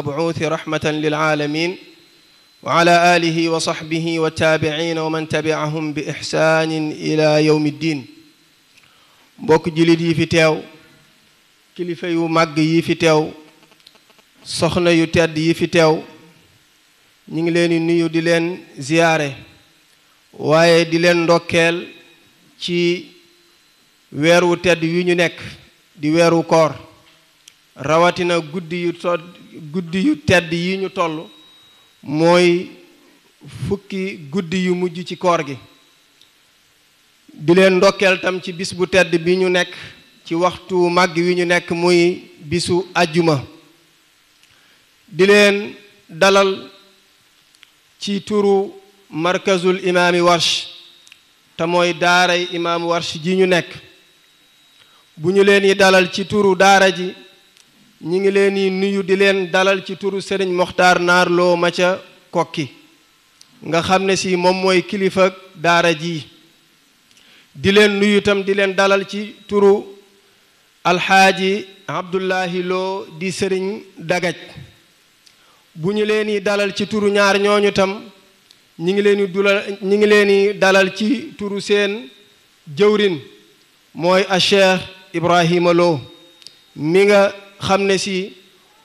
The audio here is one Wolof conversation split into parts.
mabuuthi raxmatan lilaalamin wa la alihi wa saxbihi wattaabiciina wa man tabicahum bi ixsaanin ila yowm ddin mbokk jilit yi fi teew kilifa yu màgg yi fi teew soxna yu tedd yi fi teew ñu ngi leen di nuyu di leen ziyaare waaye di leen ndokkeel ci weeru tedd yu ñu nekk di weeru koor rawatina guddi yu to guddi yu tedd yi ñu toll mooy fukki guddi yu mujj ci koor gi di leen ndokkeel tam ci bis bu tedd bi ñu nekk ci waxtu màgg wi ñu nekk muy bisu àjjuma di leen dalal ci turu markazul imaami warsh te mooy daaray imaam warsh ji ñu nekk bu ñu leen yi dalal ci turu daara ji ñi ngi leen di nuyu di leen dalal ci turu sëriñ Moxtaar Naar Lo ma ca kokki nga xam ne si moom mooy kilifa daara ji di leen nuyu itam di leen dalal ci turu alxaaji Abdullahi loo di sëriñ dagaj bu ñu leen di dalal ci turu ñaar ñooñu tam ñi ngi leen di dulal ngi leen di dalal ci turu seen jëwrin mooy a Cheikh Ibrahima Lo mi nga xam ne si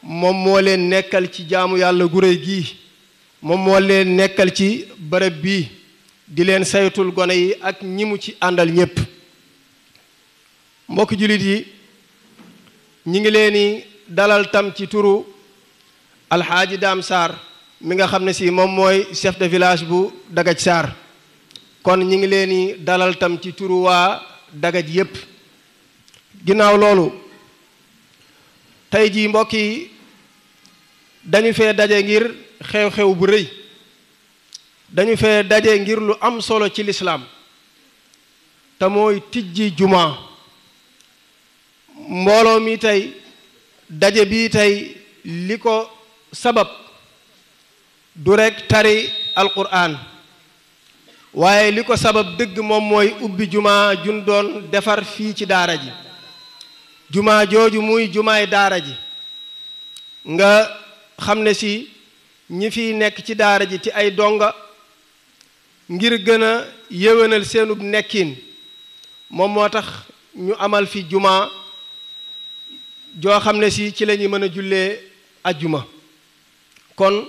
moom moo leen nekkal ci jaamu yàlla gu gii moom moo leen nekkal ci bërëb bii di leen saytul gone yi ak ñi mu ci àndal ñépp mbokki jullit yi ñi ngi leen dalal tam ci turu alxaaji daam Sarr mi nga xam ne si moom mooy chef village bu Dagaj Sarr kon ñi ngi leen dalal tam ci turu waa Dagaj yépp ginnaaw loolu tey jii mbokk yi dañu fee daje ngir xew-xew bu rëy dañu fee daje ngir lu am solo ci lislaam te mooy tijji jumaa mbooloo mi tey daje bii tey li ko sabab du rekk tari alquran waaye li ko sabab dëgg moom mooy ubbi jumaa jun doon defar fii ci daara ji jumaa jooju muy jumaay daara ji nga xam ne si ñi fiy nekk ci daara ji ci ay donga ngir gën a yéwénal seenub nekkin moom moo tax ñu amal fi jumaa joo xam ne si ci lañuy ñuy mën a jullee ajjuma kon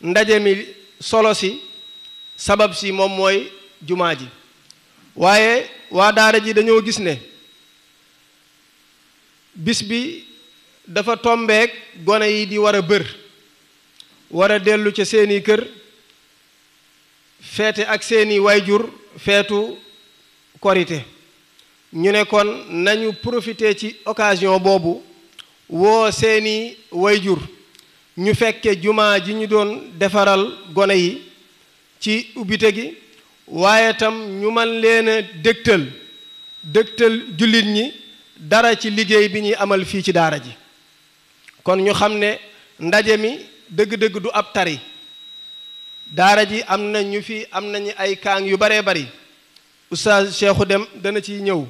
ndaje mi solo si sabab si moom mooy jumaa ji waaye waa daara ji dañoo gis ne bis bi dafa tombeek gone yi di war a bër war a dellu ca seeni kër feete ak seeni waajur feetu korite ñu ne kon nañu profité ci occasion boobu woo seeni waajur ñu fekke jumaa ji ñu doon defaral gone yi ci ubbite gi waaye tam ñu man leen a dëgtal dëgtal jullit ñi dara ci liggéey bi ñuy amal fii ci daara ji kon ñu xam ne ndaje mi dëgg-dëgg du ab tari daara ji am na ñu fi am nañu ay kaang yu baree bari oustaz Cheikhou Dem dana ci ñëw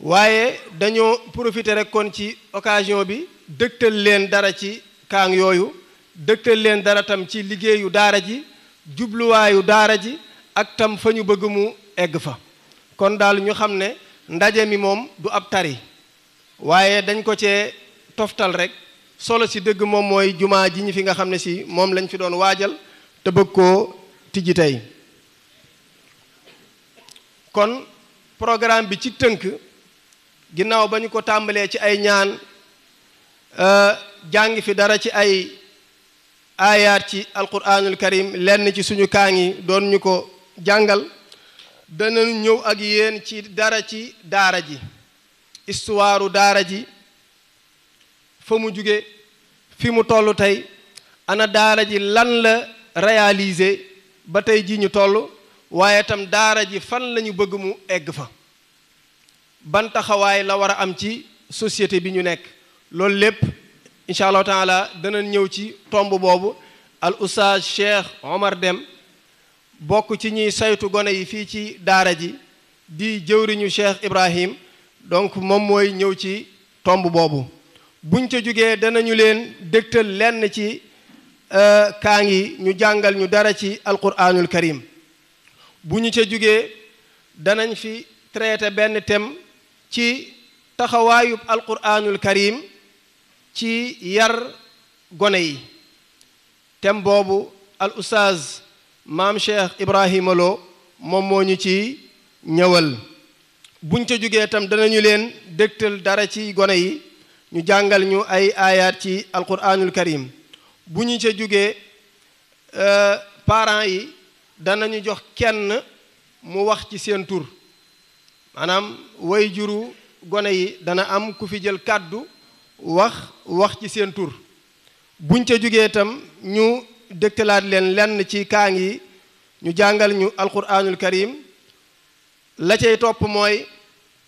waaye dañoo profiter rek ci occasion bi dëgtal leen dara ci kaang yooyu dëgtal leen dara tam ci liggéeyu daara ji jubluwaayu daara ji ak tam fa ñu bëgg mu egg fa kon daal ñu xam ne ndaje mi moom du ab tari waaye dañ ko cee toftal rek solo si dëgg moom mooy jumaa ji ñi fi nga xam ne si moom lañ fi doon waajal te bëgg koo tijji tey kon programme bi ci tënk ginnaaw ba ñu ko tàmbalee ci ay ñaan euh, jàng fi dara ci ay aayaat ci alquranul karim lenn ci suñu kaa ngi doon ñu ko jàngal danañu ñëw ak yéen ci dara ci daara ji istuwaaru daara ji fa mu jóge fi mu toll tey ana daara ji lan la réaliser ba tey ji ñu toll waaye itam daara ji fan lañu bëgg mu egg fa ban taxawaay la war a am ci société bi ñu nekk loolu lépp incha allahu taala dana ñëw ci tomb boobu al oustaz Cheikh Omar dem bokk ci ñuy saytu gone yi fii ci daara ji di jëwriñu Cheikh Ibrahim donc moom mooy ñëw ci tomb boobu buñ ca jógee danañu leen dégtal lenn ci euh, kaa ngi ñu jàngal ñu dara ci alquranul karim bu ñu ca jógee danañ fi traité benn thème ci taxawaayub alquranul karim ci yar gone yi thème boobu al ustaaz maam Cheikh Ibrahima Lo moom moo ñu ci ñëwal buñ ca jógee itam danañu leen dégtal dara ci gone yi ñu jàngal ñu ay aayaat ci alquranul karim bu ñu ca jógee euh, parents yi danañu jox kenn mu wax ci seen tur maanaam way juru gone yi dana am ku fi jël kàddu wax wax ci seen tur buñ ca jógee itam ñu dëgtalaat leen lenn ci kaa ngi ñu jàngal ñu alquranul karim la cay topp mooy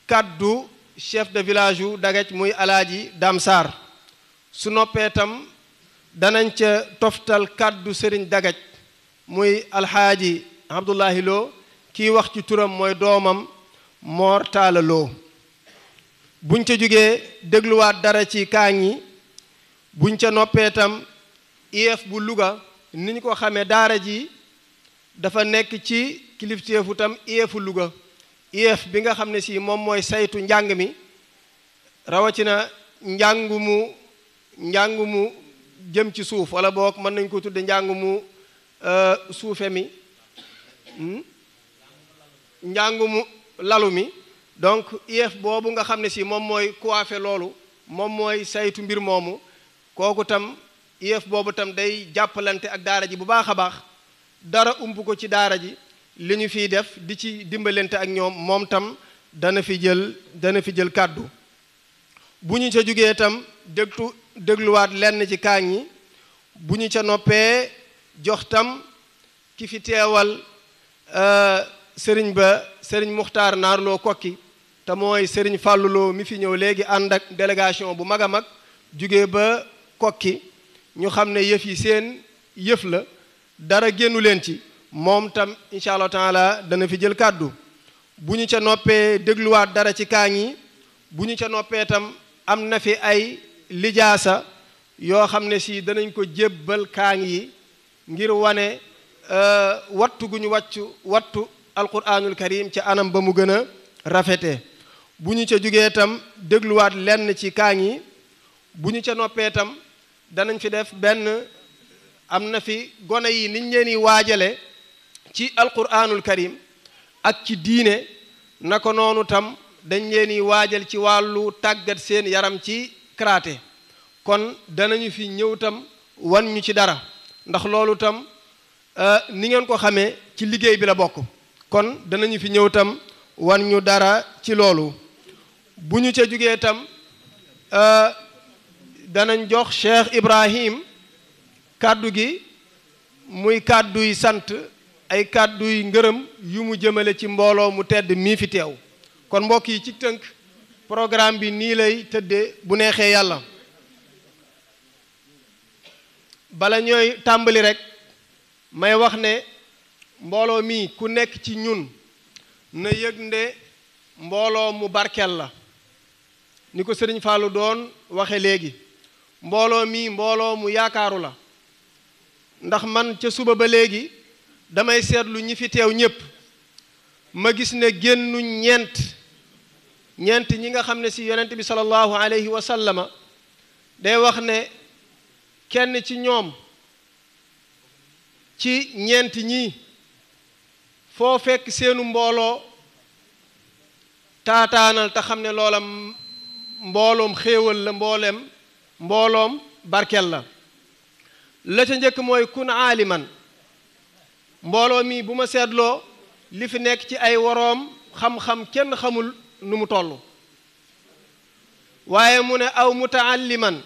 kàddu chef de village yu Dagaj muy alaaji Dam su noppeetam danañ ca toftal kàddu sëriñ Dagaj muy alxaaji Abdullahi Lo kii wax ci turam mooy doomam Mor Talla Lo buñ ca jógee dégluwaat dara ci kaañ yi buñ ca noppee tam bu Louga ni ñu ko xamee daara ji dafa nekk ci kilifteefu tam IEF Louga IEF bi nga xam ne si moom mooy saytu njàng mi rawatina njàng mu njàng mu jëm ci suuf wala boog mën nañ koo tudde njàng mu euh, suufe mi hmm? njàng mu lalu mi donc IEF boobu nga xam ne si moom mooy coiffé loolu moom mooy saytu mbir moomu kooku tam IEF boobu itam day jàppalante ak daara ji bu baax a baax dara umb ko ci daara ji li ñu fiy def di ci dimbalante ak ñoom moom tam dana fi jël dana fi jël kàddu bu ñu ca jógee itam dégtu dégluwaat lenn ci kaa yi bu ñu ca noppee jox tam ki fi teewal euh, sëriñ ba sëriñ muxtaar naarloo kokki te mooy sëriñ fàlluloo mi fi ñëw léegi ànd ak délégation bu mag a mag jóge ba kokki ñu xam ne yëf yi seen yëf la dara génnu leen ci moom tam incha allah taala dana fi jël kàddu bu ñu ca noppee dégluwaat dara ci kaañ yi bu ñu ca noppee tam am na fi ay lijaasa yoo xam ne si danañ ko jébbal kaañ yi ngir wane euh, wattu gu ñu wàccu wattu alquranul karim ca anam ba mu gën a rafete bu ñu ca jógee tam dégluwaat lenn ci kaañ yi bu ñu ca noppee tam danañ fi def benn am na fi gone yi niñ leen yi waajale ci alquranul karim ak ci diine na ko noonu tam dañ leen di waajal ci wàllu tàggat seen yaram ci karaté kon danañu fi ñëw tam wan ñu ci dara ndax loolu tam euh, ni ngeen ko xamee ci liggéey bi la bokk kon danañu fi ñëw tam wan ñu dara ci loolu bu ñu ca jugee tam euh, danañ jox Cheikh Ibrahim kàddu gi muy kàdduy sant ay kàdduy ngërëm yu mu jëmale ci mbooloo mu tedd mii fi teew kon mbokk yi ci tënk programme bi nii lay tëdde bu neexee yàlla bala ñooy tàmbali rek may wax ne mbooloo mii ku nekk ci ñun na yëg nde mbooloo mu barkeel la ni ko sëriñ Fallou doon waxe léegi mbooloo mii mbooloo mu yaakaaru la ndax man ca suba ba léegi damay seetlu ñi fi teew ñépp ma gis ne génnu ñeent ñeent ñi nga xam ne si yonent bi sallallahu alayhi wa sallama day wax ne kenn ci ñoom ci ñeent ñii foo fekk seenu mbooloo taataanal te xam ne loolam mbooloom xéewal la mbooleem mbooloom barkeel la la ca njëkk mooy kun aaliman mbooloo mi bu ma seetloo li fi nekk ci ay waroom xam-xam kenn xamul nu mu toll waaye mu ne aw mutaalliman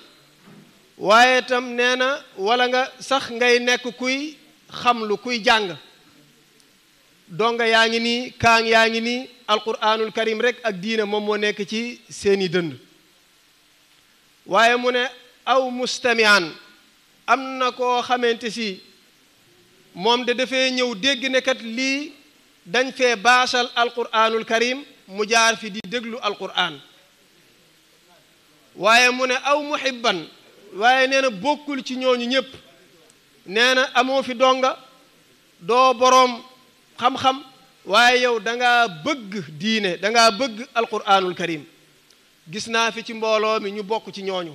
waaye tam nee na walla nga sax ngay nekk kuy xamlu kuy jàng donga yaa ngi nii kaang yaa ngi nii alquranul karim rek ak diina moom moo nekk ci seeni dënd waaye mu ne aw mustamian am na koo xamante si moom de dafay ñëw dégg ne lii dañ fee baasal alquranul karim mu jaar fi di déglu alquran waaye mu ne aw muhibban waaye nee na bokkul ci ñooñu ñépp nee na amoo fi donga doo boroom xam-xam waaye yow danga bëgg diine da bëgg bëgg alquranul karim gis naa fi ci mbooloo mi ñu bokk ci ñooñu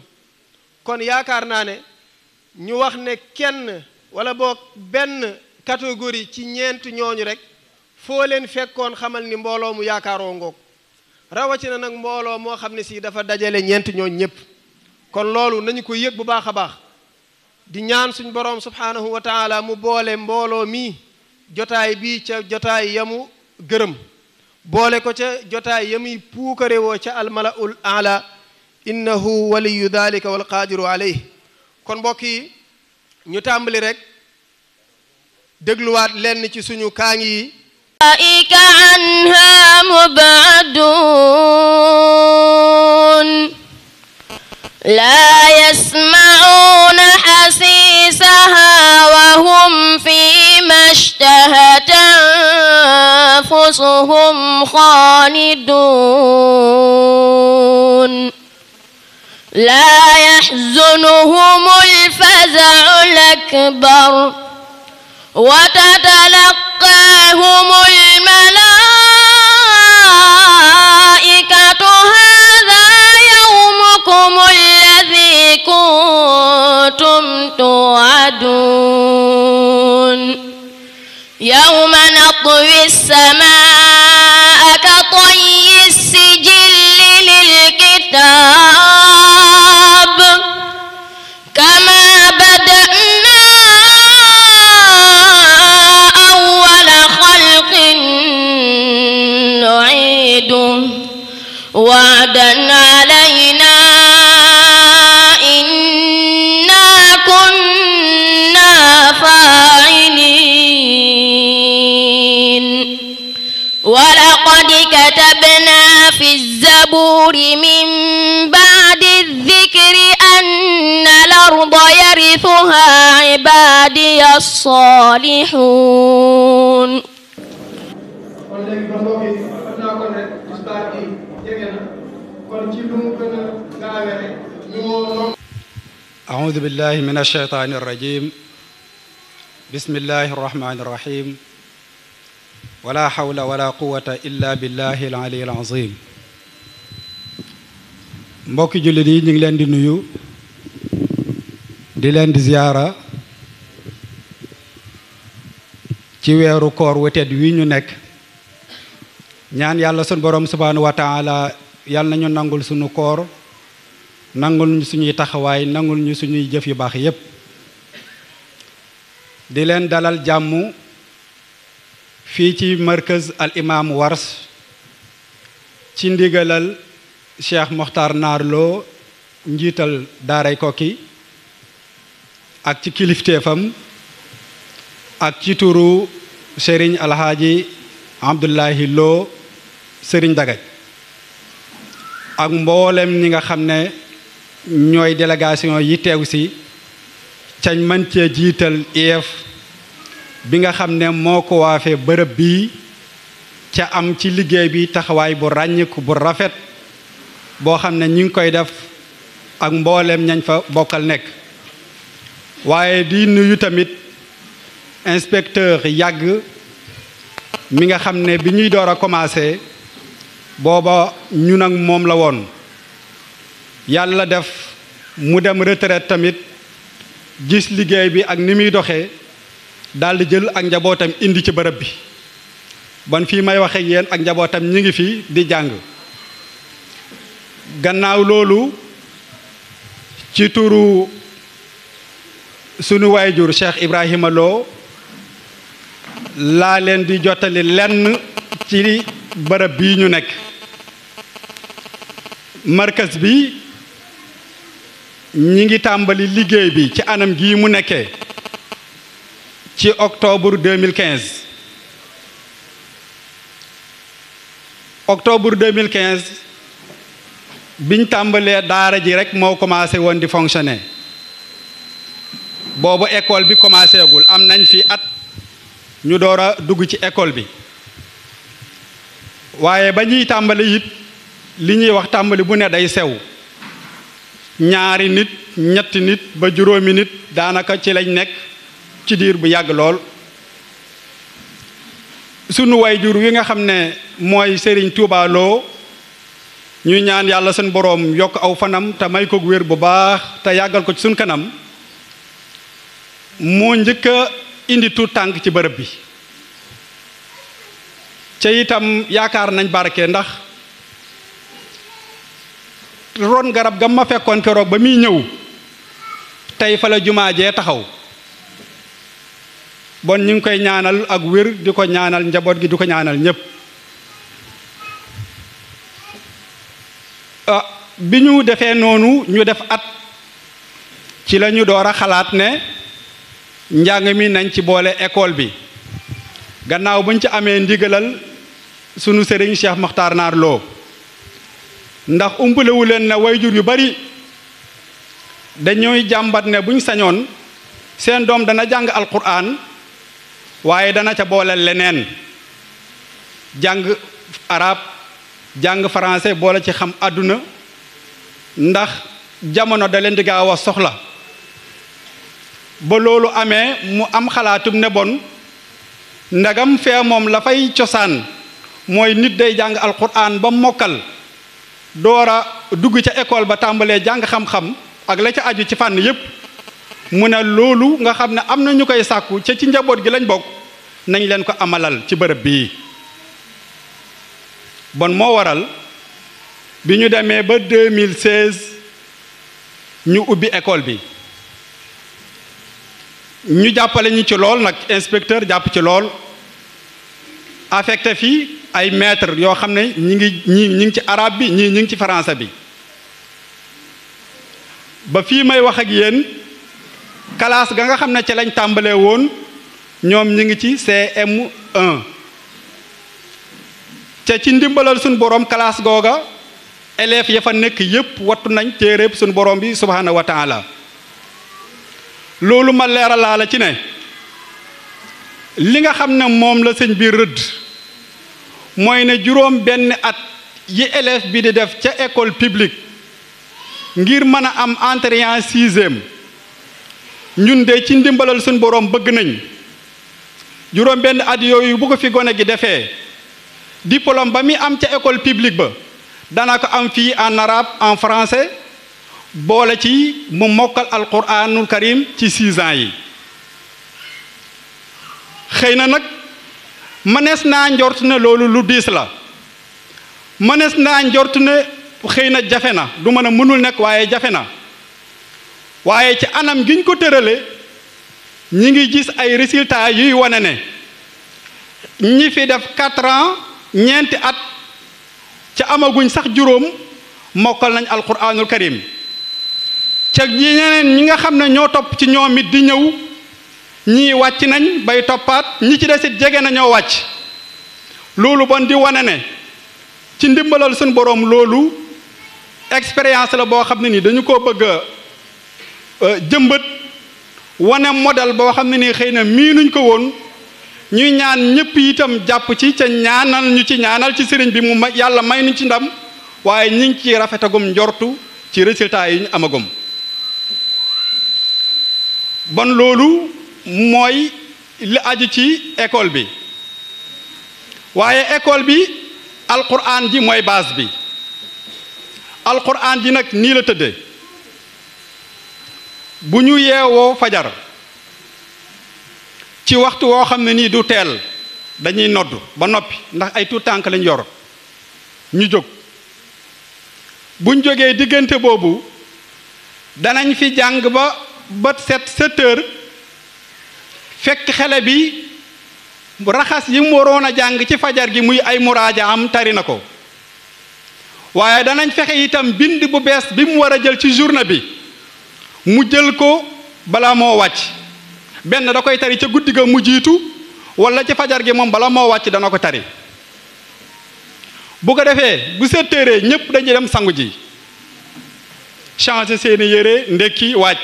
kon yaakaar naa ne ñu wax ne kenn wala boog benn catégorie ci ñeent ñooñu rek foo leen fekkoon xamal ni mbooloo mu yaakaaroo ngoog rawatina nag mbooloo moo xam ne sii dafa dajale ñeent ñooñ ñëpp kon loolu nañu ko yëg bu baax a baax di ñaan suñ boroom subhaanahu wa taala mu boole mbooloo mii jotaay bii ca jotaay yamu gërëm boole ko ca jotaay ya muy puukare woo ca almalaul ala innahu waliyu dalika walqaadiru alayh kon mbokk yi ñu tàmbali rek dégluwaat lenn ci suñu kaañ yi ulaika anha mubadun laa yasma'una xasiisaha wa hum fi أنفسهم خالدون لا يحزنهم الفزع الأكبر وتتلقاهم الملائكة هذا يومكم الذي كنتم توعدون نطوي السماء كطي السجل للكتاب الزبور من بعد الذكر أن الأرض يرثها عبادي الصالحون أعوذ بالله من الشيطان الرجيم بسم الله الرحمن الرحيم ولا حول ولا قوة إلا بالله العلي العظيم mbokki jullit yi ñu ngi leen di nuyu di leen di ziyaara ci weeru koor wetet wi ñu nekk ñaan yàlla sunu borom subhaanahu wa taala yàlla nañu nangul sunu koor nangul ñu suñuy taxawaay nangul ñu suñuy jëf yu baax yépp di leen dalal jàmm fii ci markaz al imam wars ci ndigalal Cheikh Mokhtar Naar Lo njiital daaray Koki ak ci kilifteefam ak ci turu Serigne Alhaaji Abdullahi Lo Serigne Dagaj ak mboolem ñi nga xam ne ñooy délégation yi teew si cañ man cee jiital IEF bi nga xam ne moo ko waafee bërëb bi ca am ci liggéey bi taxawaay bu ràññiku bu rafet boo xam ne ñi ngi koy def ak mbooleem ñañ fa bokkal nekk waaye di nuyu tamit inspecteur yàgg mi nga xam ne bi ñuy door a commencé booba ñu nag moom la woon yàlla def mu dem retraite tamit gis liggéey bi ak ni muy doxee daldi jël ak njabootam indi ci bërëb bi ban fii may waxe yéen ak njabootam ñi ngi fi di jàng gannaaw loolu ci turu sunu waayjur Cheikh Ibrahima Lo laa leen di jottali lenn ci bërëb bii ñu nekk markas bi ñi ngi tàmbali liggéey bi ci anam gi mu nekkee ci octobre 2015 octobre 2015 biñ tàmbalee daara ji rek moo commencé woon di fonctionner boobu école bi commencé gul am nañ fi at ñu door a dugg ci école bi waaye ba ñuy tàmbali it li ñuy wax tàmbali bu ne day sew ñaari nit ñetti nit ba juróomi nit daanaka ci lañ nekk ci diir bu yàgg lool sunu way jur wi nga xam ne mooy sëriñ Touba ñuy ñaan yàlla suñ boroom yokk aw fanam te may ko wér bu baax te yàggal ko ci suñ kanam moo njëkk a indi tuut tànk ci bërëb bi ca itam yaakaar nañ barke ndax ron garab ga ma fekkoon keroog ba muy ñëw tey fa la jumaa jee taxaw bon ñu ngi koy ñaanal ak wér di ko ñaanal njaboot gi di ko ñaanal ñépp Euh, bi ñu defee noonu ñu def at ci lañu ñu door a xalaat ne njàng mi nañ ci boole école bi gannaaw buñ ci amee ndigalal sunu sëriñ Cheikh Makhtar Naar loo ndax umpalewu leen ne wayjur yu bari dañuy jàmbat ne buñ sañoon seen doom dana jàng alquran waaye dana ca booleel leneen jàng arab jàng français boole ci xam àdduna ndax jamono da leen di gaaw a soxla ba loolu amee mu am xalaatum ne bon ndagam fee moom la fay cosaan mooy nit day jàng alquran ba mokkal doora dugg ca école ba tàmbalee jàng xam-xam ak la ca aju ci fànn yépp mu ne loolu nga xam ne am na ñu koy sàkku ca ci njaboot gi lañ bokk nañ leen ko amalal ci bërëb bii bon moo waral bi ñu demee ba 2016 ñu ubbi école bi ñu jàppale ñu ci lool nag inspecteur jàpp ci lool affecté fii ay maître yoo xam ne ñi ngi ñi ñi ngi ci arabe bi ñii ñi ngi ci français bi ba fii may wax ak yéen classe ga nga xam ne ci lañ tàmbalee woon ñoom ñi ngi ci CM1 ca ci ndimbalal suñu boroom kalaas googa élèves ya fa nekk yépp wattu nañ téeréb suñu borom bi subhaanahu wa taala loolu ma leeralaa ci ne li nga xam ne moom la sëñ biir rëdd mooy ne juróom benn at yi élève bi di def ca école publique ngir mën a am entrée en sixième ñun de ci ndimbalal suñu borom bëgg nañ juróom benn at yooyu bu ko fi gone gi defee diplôme ba muy am ca école publique ba dana ko am fii en arabe en français boole ci mu mokkal alquranul karim ci six yi xëy na nag mënees naa njort ne loolu lu diis la mënees naa njort ne xëy na jafe na du mën a mënul nekk waaye jafe na waaye ci anam giñ ko tërale ñi ngi gis ay résultats yuy wane ne ñi fi def quatre ans ñeenti at ca amaguñ sax juróom mokkal nañ alquranul karim ca ñeneen ñi nga xam ne ñoo topp ci ñoom it di ñëw ñii wàcc nañ bay toppaat ñi ci desit jege na ñoo wàcc loolu bon di wane ne ci ndimbalal suñ boroom loolu expérience la boo xam ne nii dañu ko bëgg jëmbët euh, jëmbat wane modèle boo xam ne nii xëy na mii nuñ ko woon ñuy ñaan ñëpp itam jàpp ci ca ñaanal ñu ci ñaanal ci sëriñ bi mu ma yàlla may ñu ci ndam waaye ñu ngi ci rafetagum njortu ci résultat yi ñu amagum bon loolu mooy li aju ci école bi waaye école bi alquran ji mooy baas bi alquran ji nag nii la tëdde bu ñu yeewoo fajar ci waxtu woo xam ne nii du teel dañuy nodd ba noppi ndax ay tuut tànk lañ yor ñu jóg buñ jógee diggante boobu danañ fi jàng ba bët set sept heures fekk xale bi raxas yi mu waroon a jàng ci fajar gi muy ay muraaja am tari na ko waaye danañ fexe itam bind bu bees bi mu war a jël ci journée bi mu jël ko bala moo wàcc benn da koy tari ca guddi ga mu jiitu wala ci fajar gi moom bala moo wàcc dana ko tari bu ko defee bu settéeree ñépp dañuy dem sangu ji changer seeni yére ndekki waaj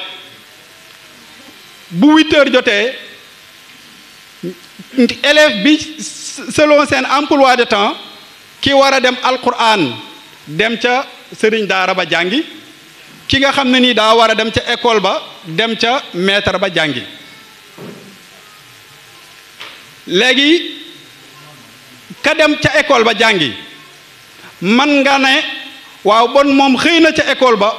bu huit jotee élève bi selon seen emploi de temps ki war a dem alquran dem ca sëriñ daara ba jàngi ki nga xam ne nii daa war a dem ca école ba dem ca maître ba jàngi léegi ka dem ca école ba jàngi man nga ne waaw bon moom xëy na ca école ba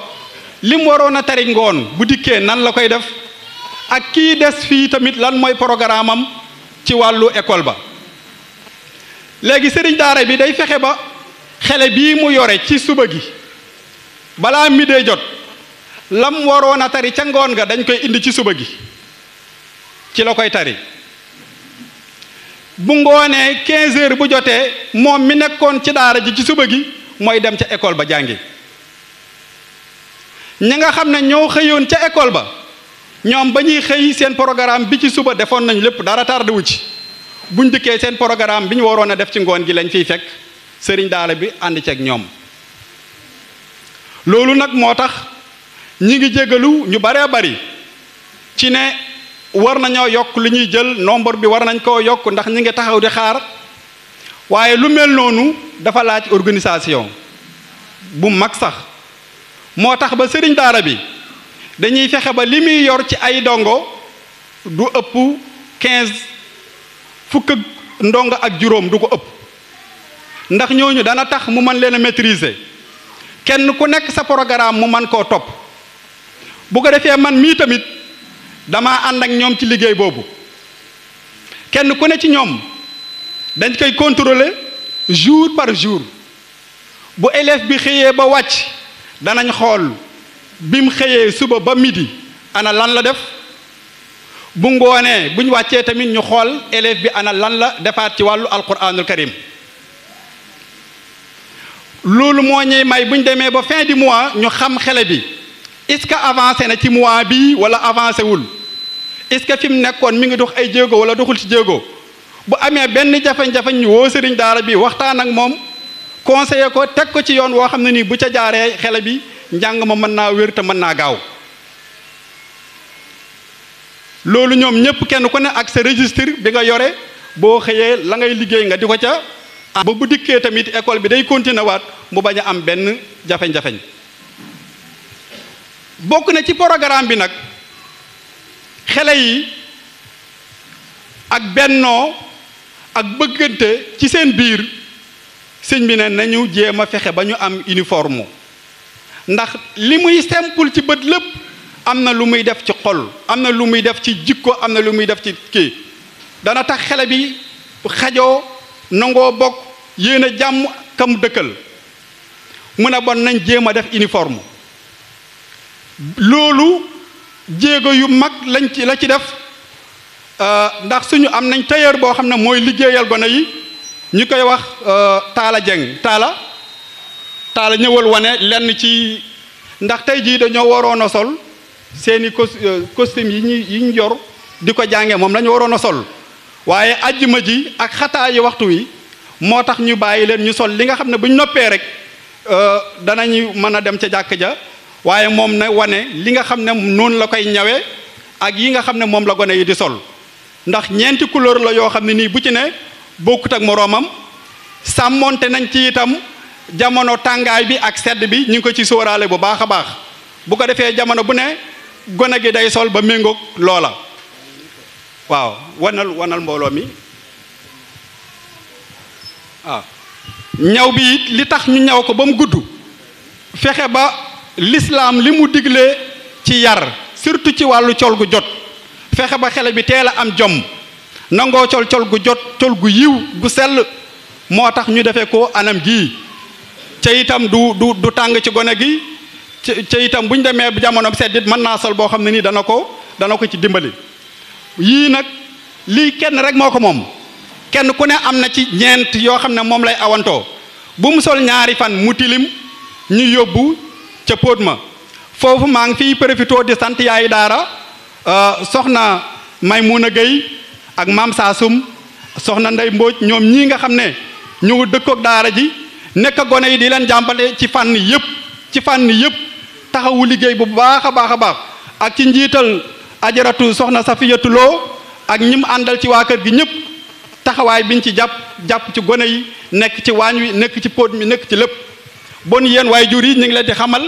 lim waroon a tari ngoon bu dikkee nan la koy def ak kii des fii tamit lan mooy programme am ci wàllu école ba léegi sëriñ daara bi day fexe ba xele bii mu yore ci suba gi balaa mi dee jot lam waroon a tari ca ngoon ga dañ koy indi ci suba gi ci la koy tari bu ngoonee 15 heures bu jotee moom mi nekkoon ci daara ji ci suba gi mooy dem ca école ba jàngi ñi nga xam ne ñoo xëyoon ca école ba ñoom ba ñuy xëy seen programme bi ci suba defoon nañ lépp dara tardé wu ci buñ dikkee seen programme bi ñu waroon a def ci ngoon gi lañ fiy fekk sëriñ daara bi ànd ceeg ñoom loolu nag moo tax ñi ngi jégalu ñu baree bari ci ne war nañoo yokk li ñuy jël nombre bi war nañ koo yokk ndax ñi ngi taxaw di xaar waaye lu mel noonu dafa laaj organisation bu mag sax moo tax ba sëriñ daara bi dañuy fexe ba li muy yor ci ay dongo du ëpp quinze fukk ak juróom du ko ëpp ndax ñooñu dana tax mu mën leen a maîtriser kenn ku nekk sa programme mu mën koo topp bu ko defee man mii tamit. dama ànd ak ñoom ci liggéey boobu kenn ku ne ci ñoom dañ koy contrôler jour par jour bu élève bi xëyee ba wàcc danañ xool bi mu xëyee suba ba midi ana lan la def bu ngoonee buñ wàccee tamit ñu xool élève bi ana lan la defaat ci wàllu alquranul karim loolu moo ñuy may buñ demee ba fin du mois ñu xam xele bi est-ce que avancé na ci mois bii wala avancé wul est-ce que fi mu nekkoon mi ngi dox ay jéego wala doxul ci jéego bu amee benn jafeñ jafeñ ñu woo sëriñ daara bi waxtaan ak moom conseiller ko teg ko ci yoon woo xam ne nii bu ca jaaree xele bi njàng ma mën naa wér te mën naa gaaw loolu ñoom ñëpp kenn ku ne ak sa registre bi nga yore boo xëyee la ngay liggéey nga di ko ca ba ah, bu dikkee tamit école bi day continuer waat mu bañ a am benn jafe-jafe bokk na ci programme bi nag xele yi ak bennoo ak bëggante ci seen biir sëñ bi ne nañu jéem a fexe ba ñu am uniforme ndax li muy simple ci bët lépp am na lu muy def ci xol am na lu muy def ci jikko am na lu muy def ci kii dana tax xele bi xajoo nangoo bokk yéena jàmm kam dëkkal mu ne bon nañ jéema def uniforme loolu jéego yu mag lañ ci la ci def euh, ndax suñu am nañ tailleur boo xam ne mooy liggéeyal gone yi ñu koy wax euh, Talla Dieng Talla Talla ñëwal wane lenn ci ndax tey jii dañoo waroon a sol seeni euh, costume yi ñu yi ñu yor di ko jàngee moom la ñu waroon a sol waaye ajjuma ji ak xataa yi waxtu wi moo tax ñu bàyyi leen ñu sol li nga xam ne bu noppee rek danañu mën a dem ca jàkk ja waaye moom na wane li nga xam ne noonu la koy ñawe ak yi nga xam ne moom la gone yi di sol ndax ñeenti couleur la yoo xam ne nii bu ci ne bokkut ak moroomam sàmmonte nañ ci itam jamono tàngaay bi ak sedd bi ñu ko ci sóoraale bu baax a baax bu ko defee jamono bu ne gone gi day sol ba méngook loola waaw wanal wanal mbooloo mi waaw ñaw bi it li tax ñu ñaw ko ba mu gudd fexe ba lislaam li mu digle ci yar surtout ci wàllu col gu jot fexe ba xele bi teel a am jom nangoo col col gu jot col gu yiw gu sell moo tax ñu defee ko anam gii ca yitam du du du tàng ci gone gi ca yitam bu ñu demee jamono seddit mën naa sol boo xam ne nii dana ko dana ko ci dimbali yii nag lii kenn rek moo ko moom kenn ku ne am na ci ñeent yoo xam ne moom lay awantoo bu mu sol ñaari fan mu tilim ñu yóbbu ca póot ma foofu maa ngi fiy profité di sant yaayu daara euh, soxna may Maymuna Gueye ak maam Saasum soxna Ndey Mbooj ñoom ñii nga xam ne ñu dëkkoog daara ji nekk gone yi di leen jàmbale ci fànn yëpp ci fànn yëpp taxawu liggéey bu baax a baax a baax ak ci njiital ajaratu soxna Safiyatu Loo ak ñim àndal ci waa kër gi ñëpp taxawaay biñ ci jàpp jàpp ci gone yi nekk ci waañ wi nekk ci póot mi nekk ci lépp bon yéen jur yi ñu ngi leen di xamal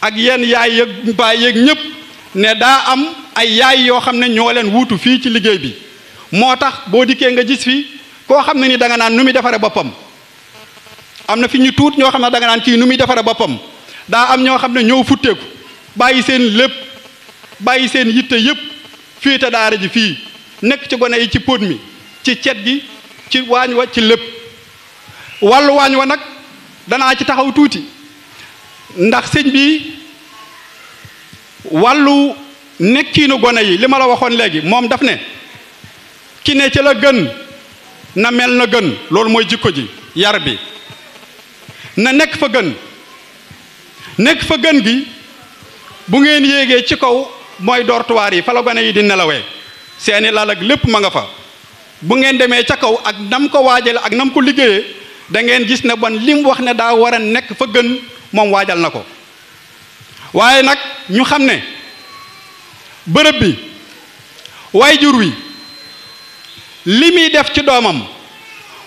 ak yenn yaay yeeg baay yeeg ñëpp ne daa am ay yaay yoo xam ne ñoo leen wuutu fii ci liggéey bi moo tax boo dikkee nga gis fii koo xam ne ni danga naan nu muy defaree boppam am na fi ñu tuut ñoo xam ne danga naan kii nu muy defaree boppam daa am ñoo xam ne ñoo futteeku bàyyi seen lépp bàyyi seen yitte yëpp fii te daara ji fii nekk ci gone yi ci póot mi ci cet gi ci waañ wa ci lépp wàllu waañ wa nag danaa ci taxaw tuuti ndax sëñ bi wàllu nekkiinu gone yi li ma la waxoon léegi moom daf ne ki ne ci la gën na mel na gën loolu mooy jikko ji yar bi na nekk fa gën nekk fa gën gi bu ngeen yéegee ci kaw mooy doortuwaar yi fa la gone yi di nelawee seeni lal lépp ma nga fa bu ngeen demee ca kaw ak nam ko waajale ak nam ko liggéeyee dangeen gis ne bon lim wax ne daa war a nekk fa gën moom waajal na ko waaye nag ñu xam ne bërëb bi waajur wi li muy def ci doomam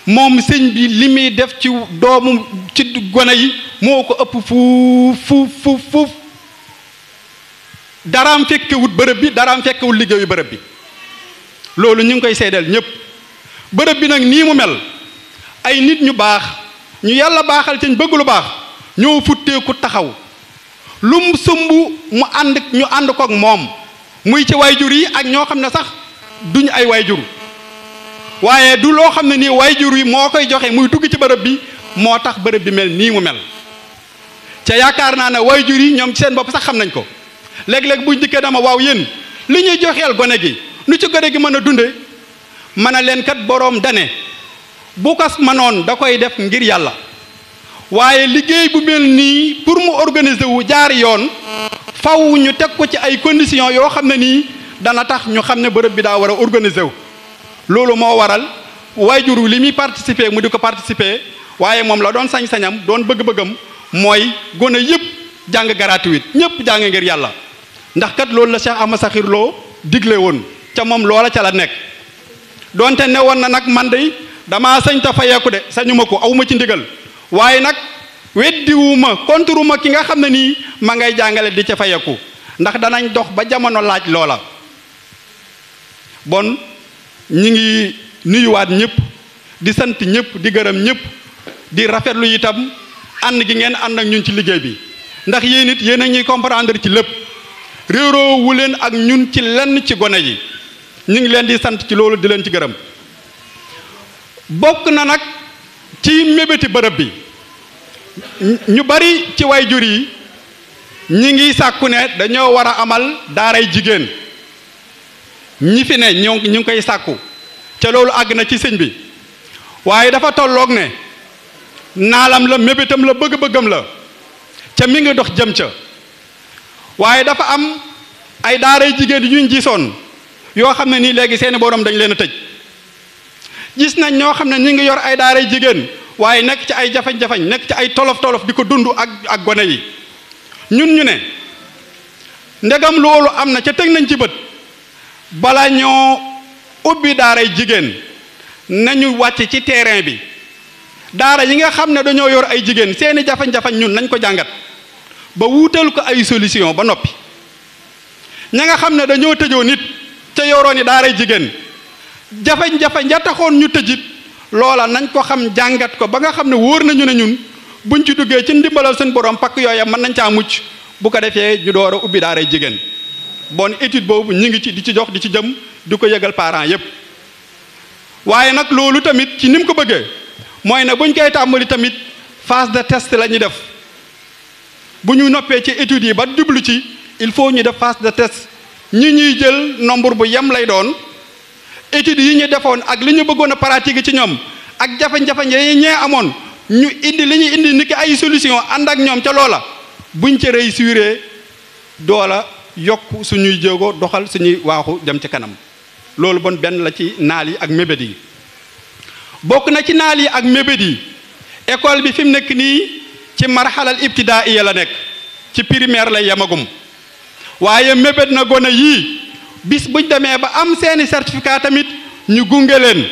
moom sëñ bi li muy def ci doomu ci gone yi moo ko ëpp fuuf fuuf fuuf fuuf daraam fekkewut bërëb bi daraam fekkewut liggéeyu bërëb bi loolu ñu ngi koy seedeel ñépp bërëb bi nag nii mu mel ay nit ñu baax ñu yàlla baaxal ca ñu bëgg lu baax ñoo futteeku taxaw lu mu sumb mu ànd ñu ànd koog moom muy ci waay jur yi ak ñoo xam ne sax duñ ay wayjur waaye du loo xam ne nii wayjur yi moo koy joxe muy dugg ci bërëb bi moo tax bërëb bi mel nii mu mel ca yaakaar naa ne jur yi ñoom ci seen bopp sax xam nañ ko léeg-léeg buñ dikkee dama waaw yéen li ñuy joxeel gone gi nu ci gone gi mën a dunde mën a leen kat boroom dane bu ma noon da koy def ngir yàlla waaye liggéey bu mel nii pour mu organiser wu jaar yoon faw ñu teg ko ci ay conditions yoo xam ne nii dana tax ñu xam ne bërëb bi daa war a organiser wu loolu moo waral jur waajur li muy participer mu di ko participer waaye moom la doon sañ-sañam doon bëgg-bëggam mooy gone yëpp jàng gratuit ñëpp jàng ngir yàlla ndax kat loolu la Cheikh Ahmad Sakhir Lo digle woon ca moom loola ca la nekk donte ne woon na nag man de dama sañ ta fayeeku de sañuma ko awuma ci ndigal waaye nag weddiwuma contre ma ki nga xam ne nii ma ngay jàngale di ca fayeeku ndax danañ dox ba jamono laaj loola bon ñu ngi nuyuwaat ñëpp di sant ñëpp di gërëm ñëpp di rafetlu itam ànd gi ngeen ànd ak ñun ci liggéey bi ndax yéen it yéen a ñuy comprendre ci lépp réeroo leen ak ñun ci lenn ci gone yi ñu ngi leen di sant ci loolu di leen ci gërëm bokk na nag ci mébéti bërëb bi ñu bari ci way jur yi ñi ngi sàkku ne dañoo war a amal daaray jigéen ñi fi ne ñoo ñu ngi koy sàkku ca loolu àgg na ci sëñ bi waaye dafa tolloog ne naalam la mébétam la bëgg-bëggam la ca mi ngi dox jëm ca waaye dafa am ay daaray jigéen yu ñu gisoon yoo xam ne nii léegi seeni borom dañ leen a tëj gis nañ ñoo xam ne ñu ngi yor ay daaray jigéen waaye nekk ci ay jafañ-jafañ nekk ci ay tolof-tolof di ko dund ak ak gone yi ñun ñu ne ndegam loolu am na ca teg nañ ci bët bala ñoo ubbi daaray jigéen nañu wàcc ci terrain bi daara yi nga xam ne dañoo yor ay jigéen seeni jafañ-jafañ ñun nañ ko jàngat ba wuutal ko ay solution ba noppi ña nga xam ne dañoo tëjoo nit ca yorooni daaray jigéen jafe-jafe ja taxoon ñu tëjit loola nañ ko xam jàngat ko ba nga xam ne wóor nañu ne ñun buñ ci duggee ci ndimbalal seen borom pakk yooya mën nañ caa mucc bu ko defee ñu door a ubbi ay jigéen bon étude boobu ñu ngi ci di ci jox di ci jëm du ko yëgal parents yépp waaye nag loolu tamit ci nim ko bëggee mooy ne buñ koy tàmbali tamit phase de test la ñuy def bu ñu noppee ci études yi ba jublu ci il faut ñu def phase de test ñi ñuy jël nombre bu yem lay doon études yi ñu defoon ak li ñu bëggoon a pratiquer ci ñoom ak jafe-jafe yi ñee amoon ñu indi li ñu indi ni ay solution ànd ak ñoom ca loola buñ ca réussir doola yokk suñuy jéego doxal suñuy waaxu jëm ci kanam loolu bon benn la ci naal yi ak mébét yi bokk na ci naal yi ak mébét yi école bi fi mu nekk nii ci marxalal ibtidaaiya la nekk ci primaire lay yemagum waaye mébét na gone yii bis buñ demee ba am seeni certificat tamit ñu gunge leen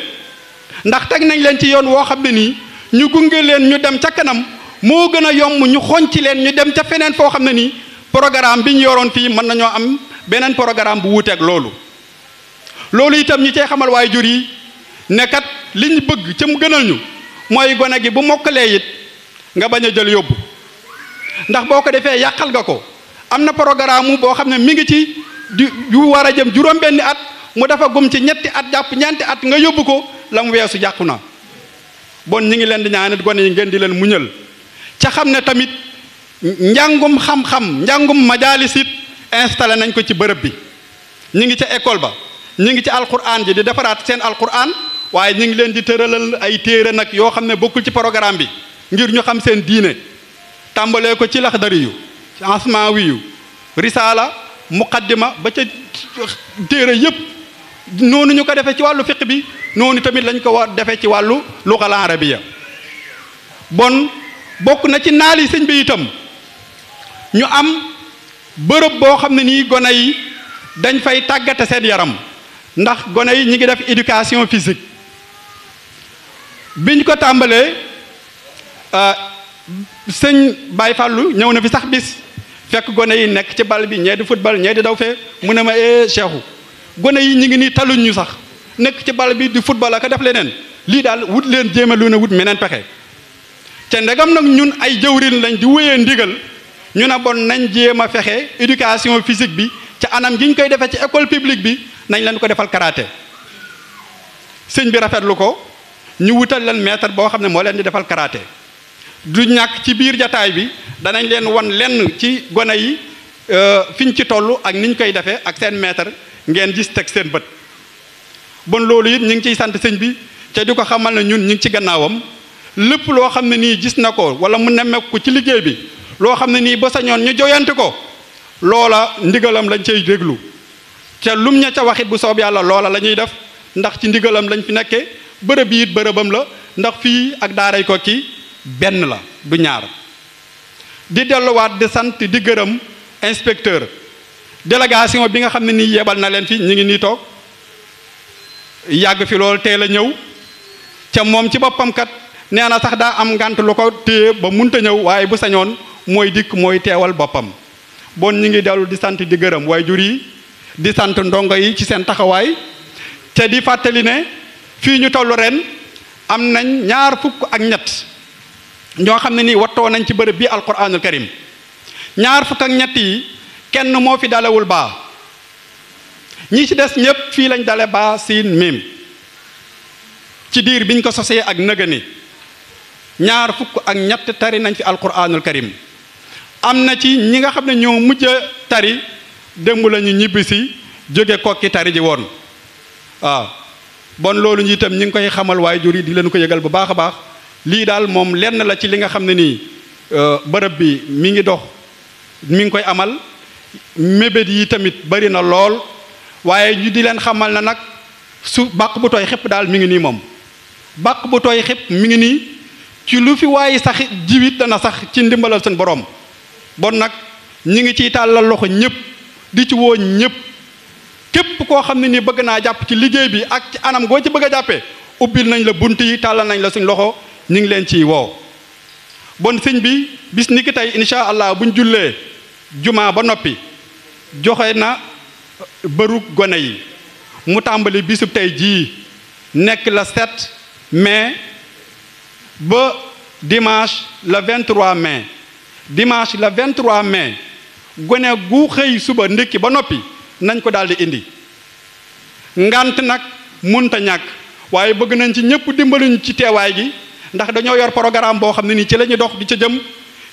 ndax teg nañ leen ci yoon woo xam ne nii ñu gunge leen ñu dem ca kanam moo gën a yomb ñu xoñ ci leen ñu dem ca feneen foo xam ne nii programme bi ñu yoroon fii mën nañoo am beneen programme bu wuuteeg loolu. loolu itam ñi cey xamal waaye jur yi ne kat bëgg ca mu gënal ñu mooy gone gi bu mokkalee it nga bañ a jël yóbbu ndax boo ko defee yàqal nga ko am na programme boo xam ne mi ngi ci. di yu war a jëm juróom-benni at mu dafa gum ci ñetti at jàpp ñeenti at nga yóbbu ko la weesu jàqu na bon ñi ngi leen di ñaanal gone yi ngeen di leen mu ñël ca xam ne tamit njàngum xam-xam njàngum majalis it installé nañ ko ci bërëb bi ñi ngi ca école ba ñi ngi ci alquran ji di defaraat seen alquran waaye ñi ngi leen di tëralal ay téere nag yoo xam ne bokkul ci programme bi ngir ñu xam seen diine tàmbalee ko ci laxdari yu asmaawi risaala muqaddima ba ca téere yëpp noonu ñu ko defee ci wàllu fiq bi noonu tamit lañ ko war defee ci wàllu luxal arabiya bon bokk na ci naal yi sëñ bi itam ñu am bërëb boo xam ne nii gone yi dañ fay tàggate seen yaram ndax gone yi ñu ngi def éducation physique biñ ko tàmbalee euh, sëñ Baye Fallou ñëw na fi sax bis fekk gone yi nekk ci bal bi ñee di football ñee di daw fee mu ne ma eh Cheikhou gone yi ñu ngi nii taluñ ñu sax nekk ci bal bi di football ak def leneen lii daal wut leen jéem a lu ne wut meneen pexe te ndegam nag ñun ay jëwrin lañ di wéyee ndigal ñu ne bon nañ jéem a fexe éducation physique bi ci anam gi ñu koy defee ci école publique bi nañ leen ko defal karaté sëñ bi rafetlu ko ñu wutal leen maître boo xam ne moo leen di defal karaté. du ñàkk ci biir jataay bi danañ leen wan lenn ci gone yi euh, fiñ ci toll ak niñ koy defee ak seen maître ngeen gis teg seen bët bon loolu it ñu ngi ciy sant sëñ bi te di ko xamal na ñun ñu ngi ci gannaawam lépp loo xam ne nii gis na ko wala mu nemmeeku ko ci liggéey bi loo xam ne nii ba sañoon ñu joyante ko loola ndigalam lañ cay déglu te lum ña ca waxit bu soob yàlla loola la ñuy def ndax ci ndigalam lañ fi nekkee bërëb yi it bërëbam la ndax fii ak daaray ko kii benn la du ñaar di delluwaat di sant di gërëm inspecteur délégation bi nga xam ne nii yebal na leen fi ñu ngi nii toog yàgg fi lool teel la ñëw ca moom ci boppamkat kat nee na sax daa am ngànt lu ko téye ba munta ñëw waaye bu sañoon mooy dikk mooy teewal boppam bon ñu ngi dellu di sant di gërëm waajur yi di sant ndongo yi ci seen taxawaay te di fàttali ne fii ñu toll ren am nañ ñaar fukk ak ñett ñoo xam ne nii wattoo nañ ci bërëb bii alquranul karim ñaar fukk ak ñett yi kenn moo fi dalewul baax ñi ci des ñépp fii lañ dale baa siin miim ci diir biñ ko sosee ak nëga ni ñaar fukk ak ñett tari nañ fi alquranul karim am na ci ñi nga xam ne ñoo mujj tari démb lañu ñibbisi si jóge kokki tari ji woon waaw bon loolu ñu itam ñi ngi koy xamal waaye jur yi di leen ko yëgal bu baax a baax lii daal moom lenn la ci li nga xam ne nii euh, bërëb bi mi ngi dox mi ngi koy amal mébét yi tamit bari na lool waaye ñu di leen xamal na nag su bàq bu tooy xëpp daal mi ngi nii moom bàq bu tooy xëpp mi ngi nii ci lu fi waaye sax jiwit dana sax ci ndimbalal seen boroom bon nag ñu ngi ciy tàllal loxo ñëpp di ci woo ñëpp képp koo xam ne nii bëgg naa jàpp ci liggéey bi ak ci anam goo ci bëgg a jàppee ubbil nañ la bunt yi tàllal nañ la suñ loxo ñu ngi leen ciy woo bon sëñ bi bis ni tey incha allah bu buñ jullee jumaa ba noppi joxe na bëru gone yi mu tàmbali bisub tey jii nekk la set mai ba dimanche le 23 dimanche le 23 mai gone gu xëy suba ndékki ba noppi nañ ko daal di indi ngant nag munta ñàkk waaye bëgg nañ ci ñëpp dimbaluñ ci teewaay gi ndax dañoo yor programme boo xam ne nii ci lañuy dox di ca jëm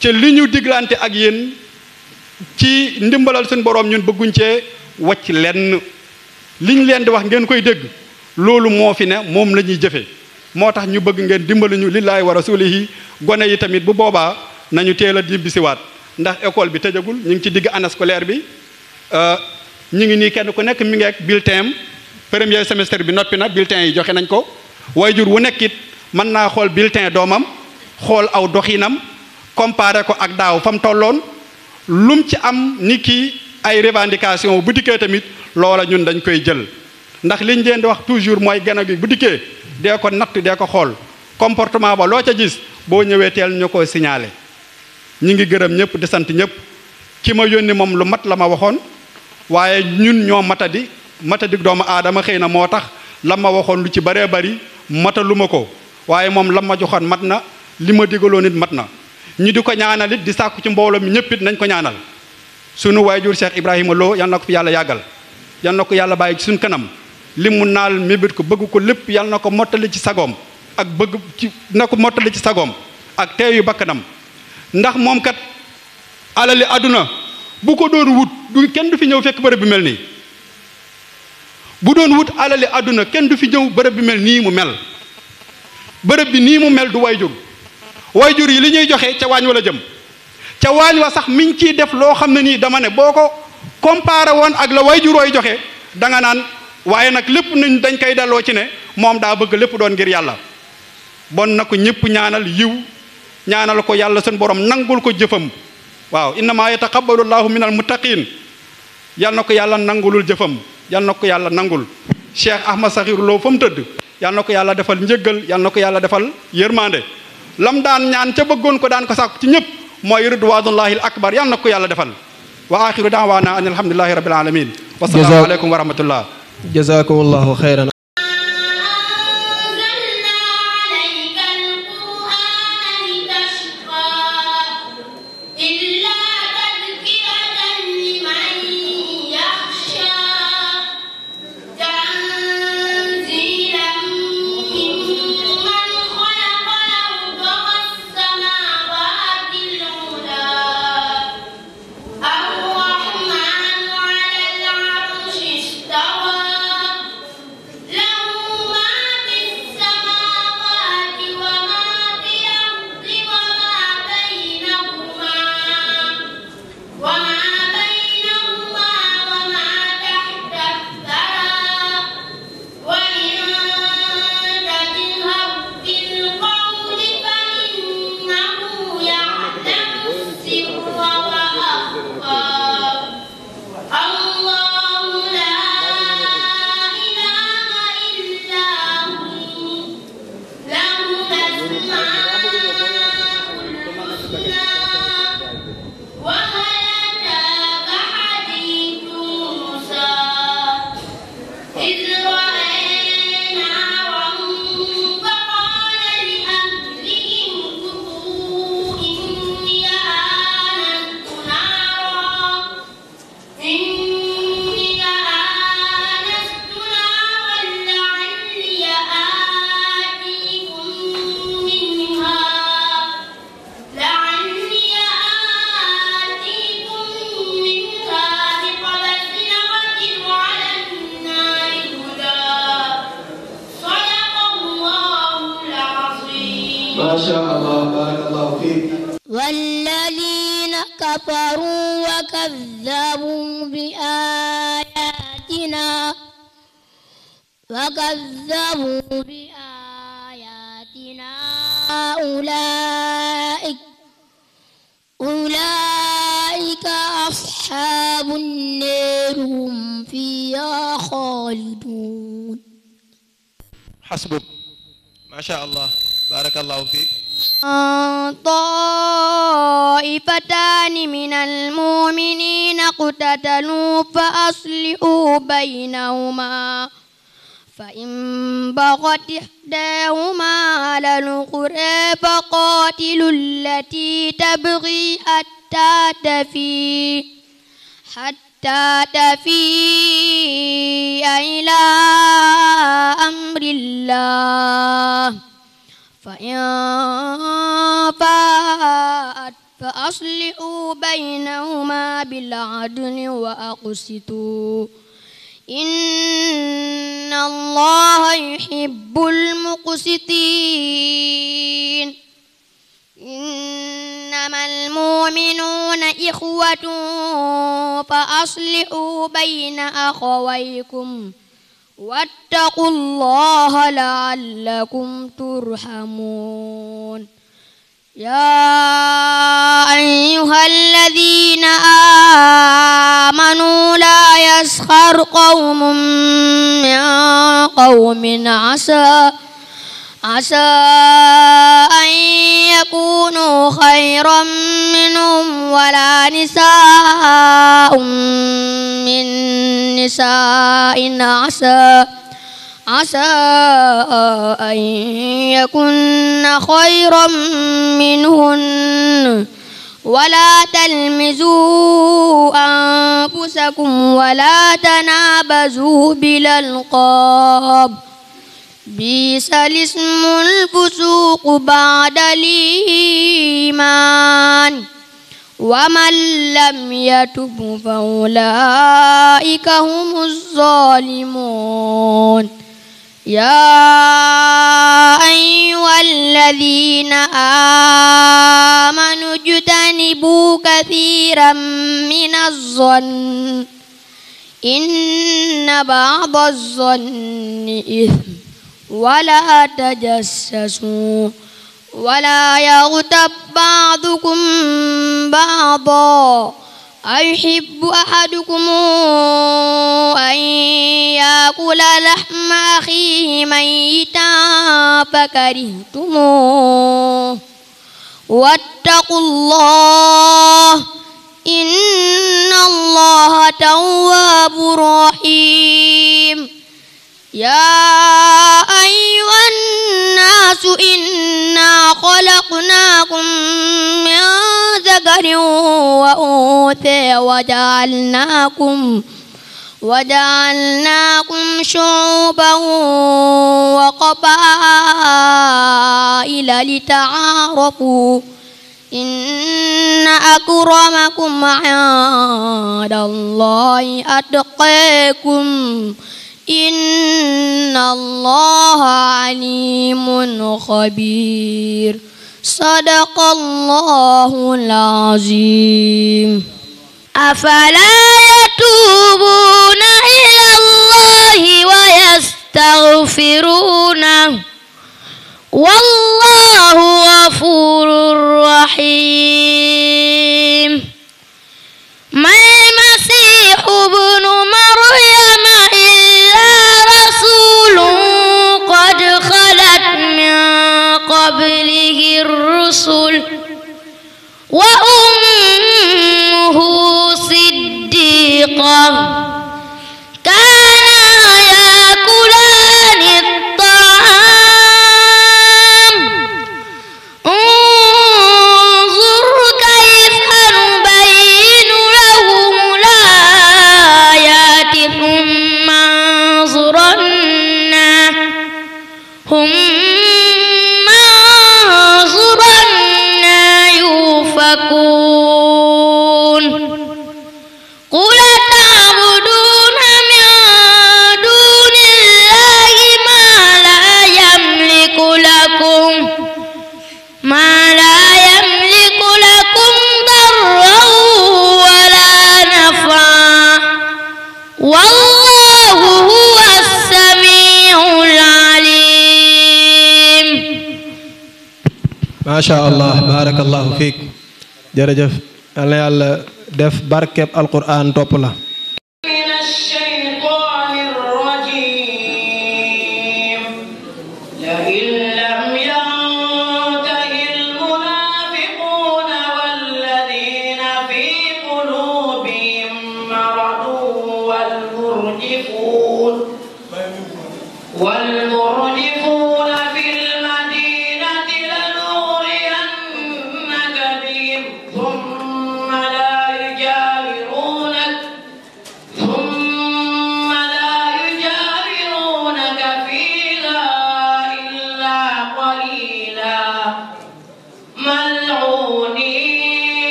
ci li ñu diglante ak yéen ci ndimbalal suñu boroom ñun bëgguñ cee wàcc lenn liñ leen di wax ngeen koy dégg loolu moo fi ne moom la ñuy jëfee moo tax ñu bëgg ngeen dimbali ñu lillaay wa rasulihi gone yi tamit bu boobaa nañu teel a dibbisiwaat ndax école bi tëjagul ñu ngi ci digg année scolaire bi euh, ñu ngi nii kenn ku nekk mi ngi ak bulletin am premier semestre bi noppi na bulletin yi joxe nañ ko mën naa xool bulletin doomam xool aw doxinam comparé ko ak daaw fa mu tolloon lum ci am ni kii ay revendication bu dikkee tamit loola ñun dañ koy jël ndax liñ leen di wax toujours mooy gën a gi bu dikkee dee ko natt dee ko xool comportement ba loo ca gis boo ñëwee teel ñu ko signalé ñu ngi gërëm ñëpp di sant ñëpp ki ma yónni moom lu mat la ma waxoon waaye ñun ñoo matadi matadi doomu aadama xëy na moo tax la ma waxoon lu ci baree bari mataluma ko waaye moom lam ma joxoon mat na li ma digaloon it mat na ñu di ko ñaanal it di sàkku ci mbooloo mi ñëpp it nañ ko ñaanal sunu jur Cheikh Ibrahima loo yal na ko fi yàlla yàggal yal na ko yàlla bàyyi ci suñu kanam li mu naal mébét ko bëgg ko lépp yal na ko mottali ci sagoom ak bëgg ci na ko mottali ci sagoom ak teeyu bakkanam ndax moom kat alali àdduna bu ko doon wut kenn du fi ñëw fekk bërëb bi mel nii bu doon wut alali àdduna kenn du fi ñëw bërëb bi mel nii mu mel bërëb bi nii mu mel du wayjur wayjur yi li ñuy joxe ca waañ la jëm ca waañ wa sax miñ ciy def loo xam ne nii dama ne boo ko comparé woon ak la wayjur way joxe danga naan waaye nag lépp nañ dañ koy delloo ci ne moom daa bëgg lépp doon ngir yàlla bon na ko ñëpp ñaanal yiw ñaanal ko yàlla seen borom nangul ko jëfam waaw innama yataqabbalu llahu minal muttaqin yal na ko yàlla nangulul jëfam yal na ko yàlla nangul Cheikh Ahmad Sakhir Lo fa mu tëdd yal na ko yàlla defal njëggal yal na ko yàlla defal yërmande lam daan ñaan ca bëggoon ko daan ko sàkku ci ñëpp mooy ridwaanullahil akbar yal na ko yàlla defal wa axiru daawaana an alhamdulilahi rabbil alamin wasalaamu aleykum wa rahmatullah jazakumullahu xayran أصحاب النار هم فيها خالدون حسبك ما شاء الله بارك الله فيك طائفتان من المؤمنين اقتتلوا فأصلحوا بينهما فإن بغت إحداهما على الأخرى فقاتلوا التي تبغي حتى تفيء حتى تفيء إلى أمر الله فإن فاءت فأصلحوا بينهما بالعدل وأقسطوا إن الله يحب المقسطين إنما المؤمنون إخوة فأصلحوا بين أخويكم واتقوا الله لعلكم ترحمون يا أيها الذين آمنوا لا يسخر قوم من قوم عسى عسى أن يكونوا خيرا منهم ولا نساء من نساء عسى عسى أن يكن خيرا منهن ولا تلمزوا أنفسكم ولا تنابزوا بالألقاب بئس الاسم الفسوق بعد الإيمان ومن لم يتب فأولئك هم الظالمون يا أيها الذين آمنوا اجتنبوا كثيرا من الظن إن بعض الظن إثم ولا تجسسوا ولا يغتب بعضكم بعضا أيحب أحدكم أن يأكل لحم أخيه ميتا فكرهتموه واتقوا الله إن الله تواب رحيم يا أيها الناس إنا خلقناكم من ذكر وأنثى وجعلناكم وجعلناكم شعوبا وقبائل لتعارفوا إن أكرمكم عند الله أتقاكم إن الله عليم خبير صدق الله العظيم أفلا يتوبون إلى الله ويستغفرونه والله غفور رحيم قبله الرسل وأمه صديقة macha allah barakallahu fiik jërëjëf yal na yàlla def barkeb alquran topp la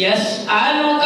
Yes, I don't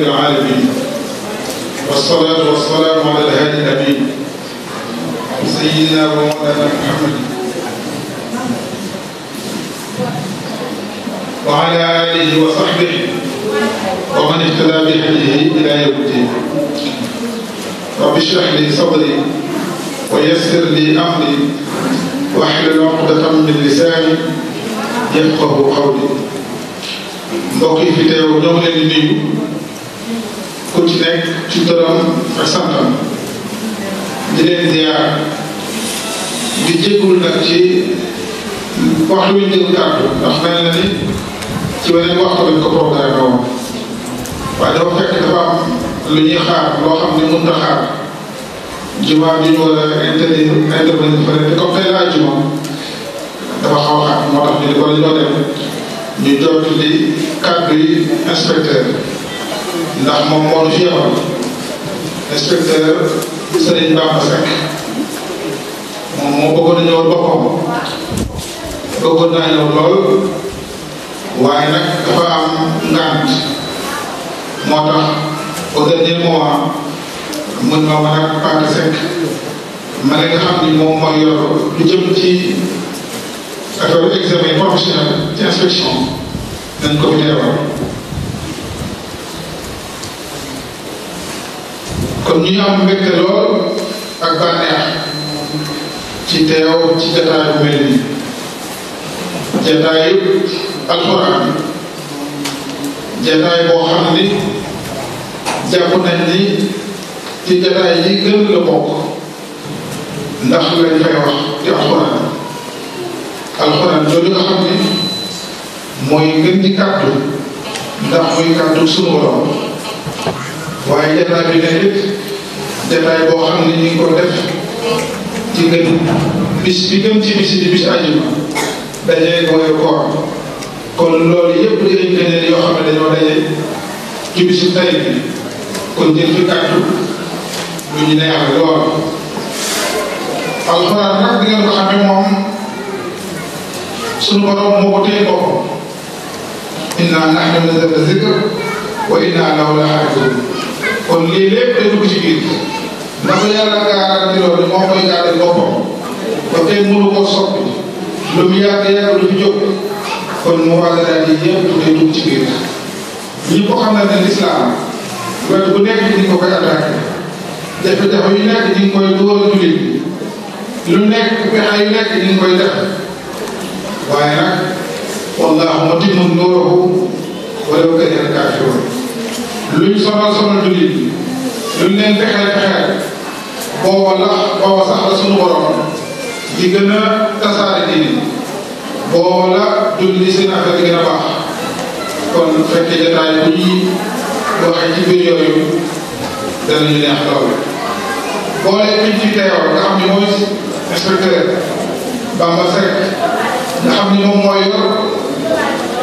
رب العالمين والصلاة والسلام على الهادي الأمين سيدنا ومولانا محمد وعلى آله وصحبه ومن اهتدى بهديه إلى يوم الدين رب اشرح لي صدري ويسر لي أمري واحلل عقدة من لساني يفقه قولي mbokk yi fi teew ñoo ngi leen di nuyu ku ci nekk ci turam ak santam di leen ziar di jéggul nag ci wax lu ñu jël kàddu ndax mel na ni ci weneen waxtu lañ ko programme woon waaye dafa fekk dafa am lu ñuy xaar loo xam ne mënut a xaar jumaa bi ñu war a intervenir a moo tax ñu di war a ñoo dem ñu jot li kàddu yi inspecteur ndax moom moo ñu fi yebal inspecteur Serigne Bamba Seck moom moo bëggoon a ñëwal boppam bëggoon naa ñëw lool waaye nag dafa am ngant moo tax au dernier moment mun ma mën a Bamba Seck ma ne nga xam mooy yor lu jëm ci affaire examen professionnel ci ko kon ñu am lool ak bànneex ci teew ci jataay bu mel nii jataay alxuraan jataay boo xam ni jàpp nañ ni ci jataay yi gën la bokk ndax lañ fay wax di alxuraan alxuraan loolu nga xam ni mooy gën di kàddu ndax muy kàddu sunu borom waaye jataay bi ne nit jataay boo xam ne ko def ci gën bis bi gën ci bis di bis àjjuma dajee mooy koor kon loolu yëpp di ay gëneel yoo xam ne dañoo daje ci bisu tey bi kon jël fi kàddu lu ñu neex lool alxuraan nag di ngeen ko xamee moom suñu borom moo ko téye boppam inna nahnu nazzalna zikr wa inna lahu lahafizun kon lii lépp dañu ko ci biir ndax yàlla garanti loolu moo koy gàdde boppam ba tey mënu ko lu mu yàgg yàgg lu mu jóg kon mu war a daal di yëpp day dugg ci biir ñi ko xam ne lislaam wet bu nekk di ko koy attaqué jafe-jafe yu nekk di nga koy dugal jullit lu nekk pexe yu nekk di nga koy def waaye nag wallaahu mutimmu nuurahu walaw kariha al-kaafiruun luy sonal sonal jullit yi luñ leen fexee fexee booba la booba sax la sunu borom di gën a tasaare diine la julli seen affaire di gën a baax kon bu fekkee jotaay bu ñuy waxee ci biir yooyu danañu neex lool. boole bi ñu ci teewal nga xam ne mooy inspecteur Bamba Seck nga xam ne moom mooy yor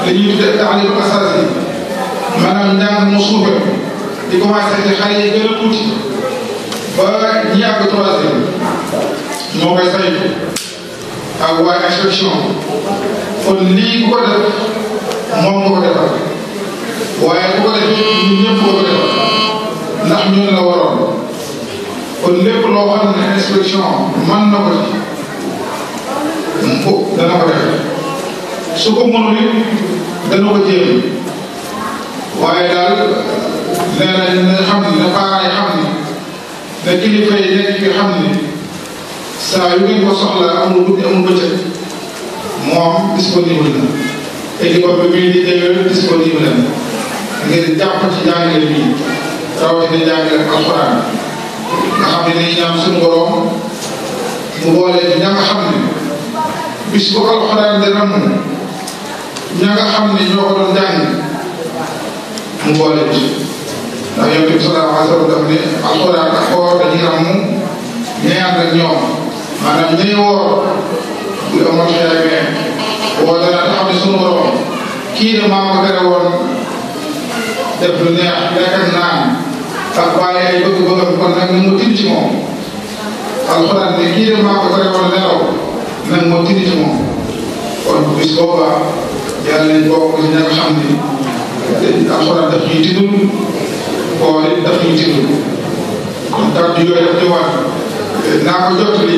li ñuy tuddee taalim assasin maanaam njàng mu suufe di commencé ci xale yi gën a tuuti ba ñi àgg troisième moo koy saytu ak waa inspection kon lii ku ko def moom nga ko defal waaye ku ko def ñun ñëpp nga ko defal ndax ñun la waroon kon lépp loo xam ne inspection mën ko ci mu dana ko def su ko mënul dana ko jéem waaye daal nee nañ na xam ni na parents yi xam ni na kilifa yi nekk yu xam ni saa yu ngeen ko soxla amul guddi amul bëccëg moom disponible na équipe bi muy di demee disponible na ngeen jàpp ci jàngale bi rawatina jàngale alxuraan nga xam ne dañuy ñaan suñu borom mu boole ña nga xam ne bis bu alxuraan di ram ña nga xam ne ñoo ko doon jàng mu boole ci ndax yonent bi sallallahu alayhi wa sallam daf ne alxuraan ak koor dañuy am mu ñeent ak ñoom maanaam ñi woor bu amoon xeemee woo dana taxaw ne sunu borom kii de maa ko tere woon def lu neex lekk ak naan sax bàyyi ay bëgg-bëggam kon nag ni mu tibb ci moom alxuraan ne kii de maa ko tere woon nelaw nag moo tibb ci moom kon bis booba yàlla nañ bokk ci ña nga xam ni alxuraan daf ñuy tinul koor it daf ñuy tinul kon kàddu yooyu daf ñu war naa ko jottali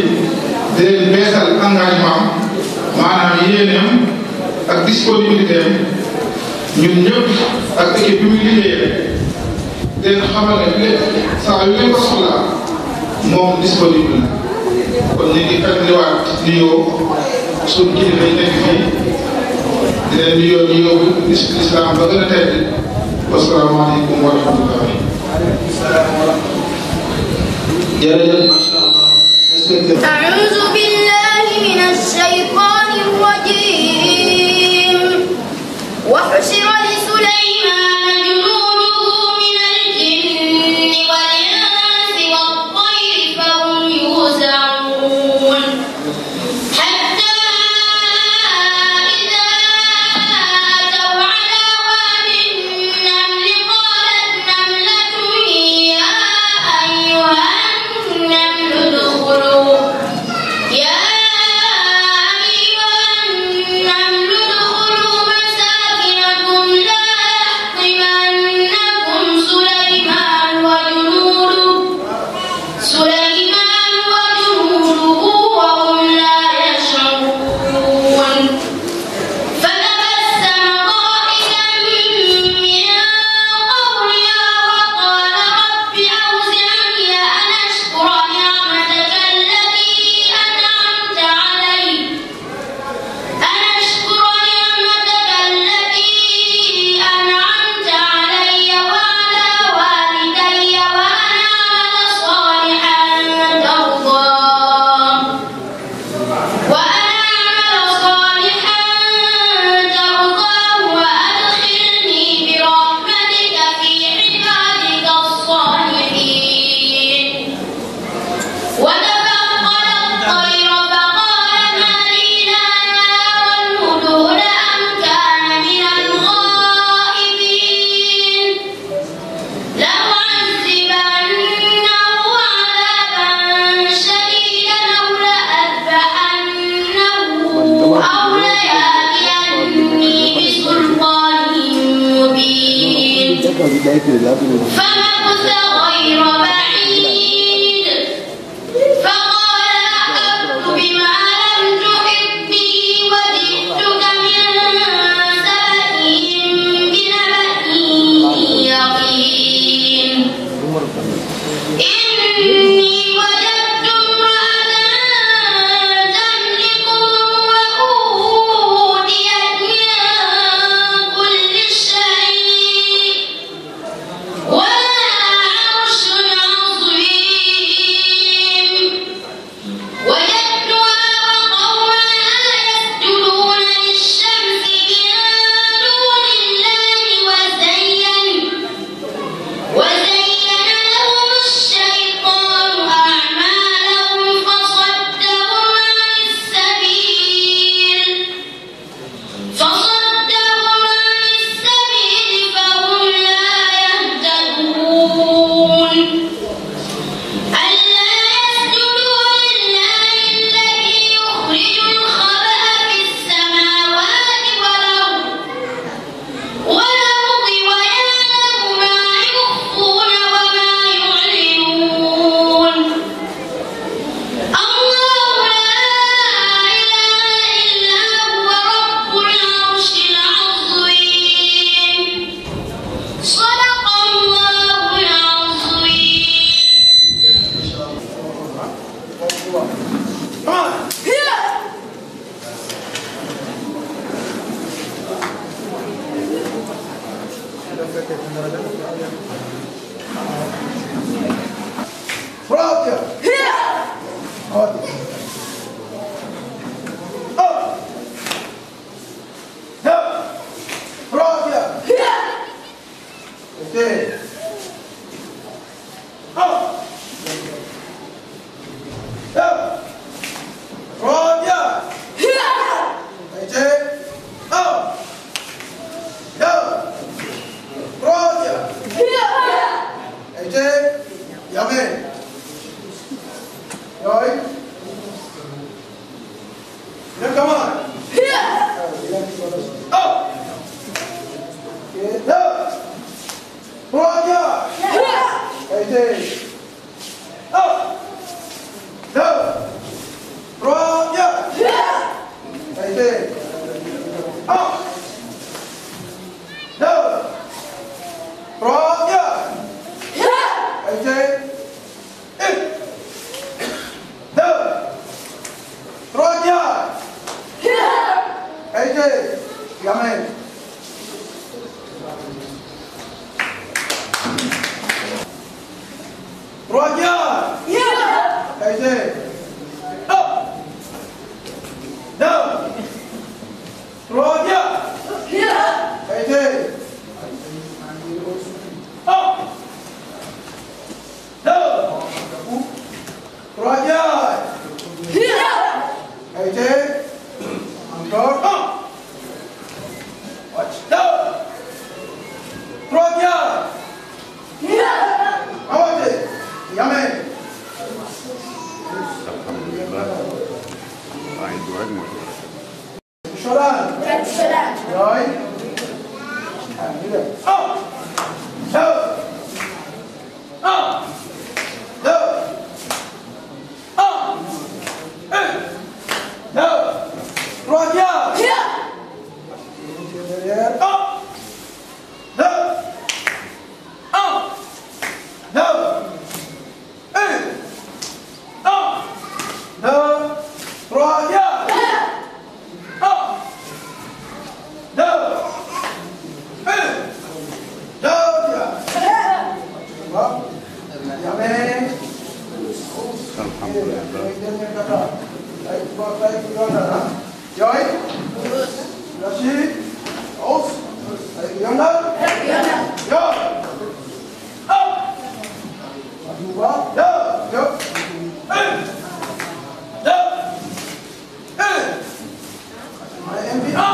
engagement maanaam yéeneem ak disponibilité am ñun ñëpp ak équipe bi muy liggéeyee di leen xamal ne lépp yu leen ko soxlaa moom disponible na kon ñu ngi fàttaliwaat nuyoo suñu kilifa yi nekk fii di leen di yóbbu yóbbu islam ba gën a tedd wasalaamaaleykum wa rahmatulah. waaleykum salaam wa rahmatulah. jërëjëf macha allah. inspecteur. auzu billahi mina shaytaani rajiim. NBA.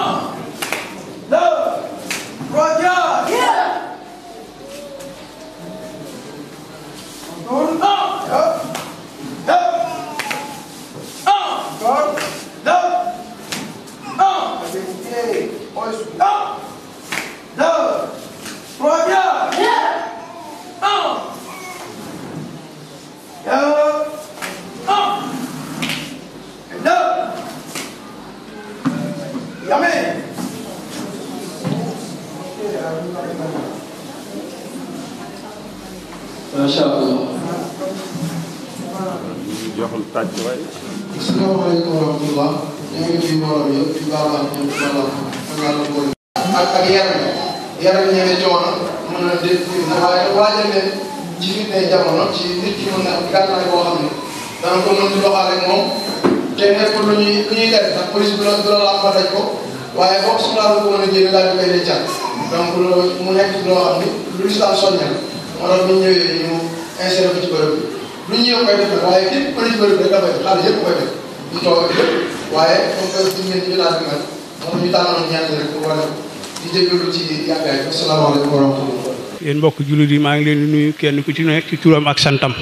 jullit yi maa ngi leen di nuyu kenn ku ci nekk ci turam ak santam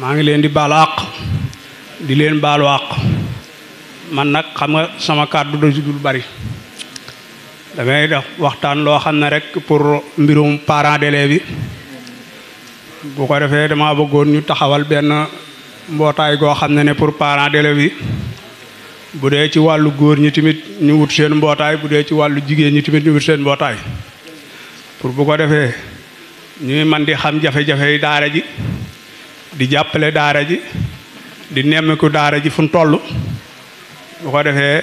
maa ngi leen di baalu àq di leen baalu àq man nag xam nga sama kàddu da judul bari damay da waxtaan loo xam ne rek pour mbirum parent d'élève bi bu ko defee dama ba bëggoon ñu taxawal benn mbootaay goo xam ne ne pour parent d'élève bi bu dee ci wàllu góor ñi tamit ñu wut seen mbootaay bu dee ci wàllu jigéen ñi tamit ñu wut seen mbootaay pour bu ko defee ñuy man di xam jafe-jafe daara ji di jàppale daara ji di nemmiku daara ji fu mu toll bu ko defee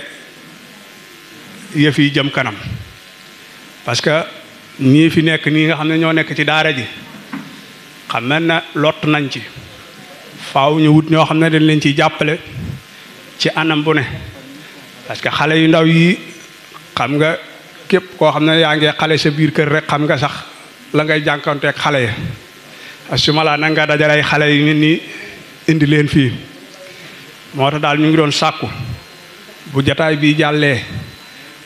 yëf yi jëm kanam parce que ñii fi nekk nii nga xam ne ñoo nekk ci daara ji xam na lott nañ ci faw ñu wut ñoo xam ne dañ leen ciy jàppale ci anam bu ne parce xale yu ndaw yi xam nga képp koo xam ne yaa ngi xale sa biir kër rek xam nga sax la ngay jànkonteeg xale ya asuma laa na nga dajalay xale yi nit ñi indi leen fii moo tax daal ñu ngi doon sàkku bu jataay bi jàllee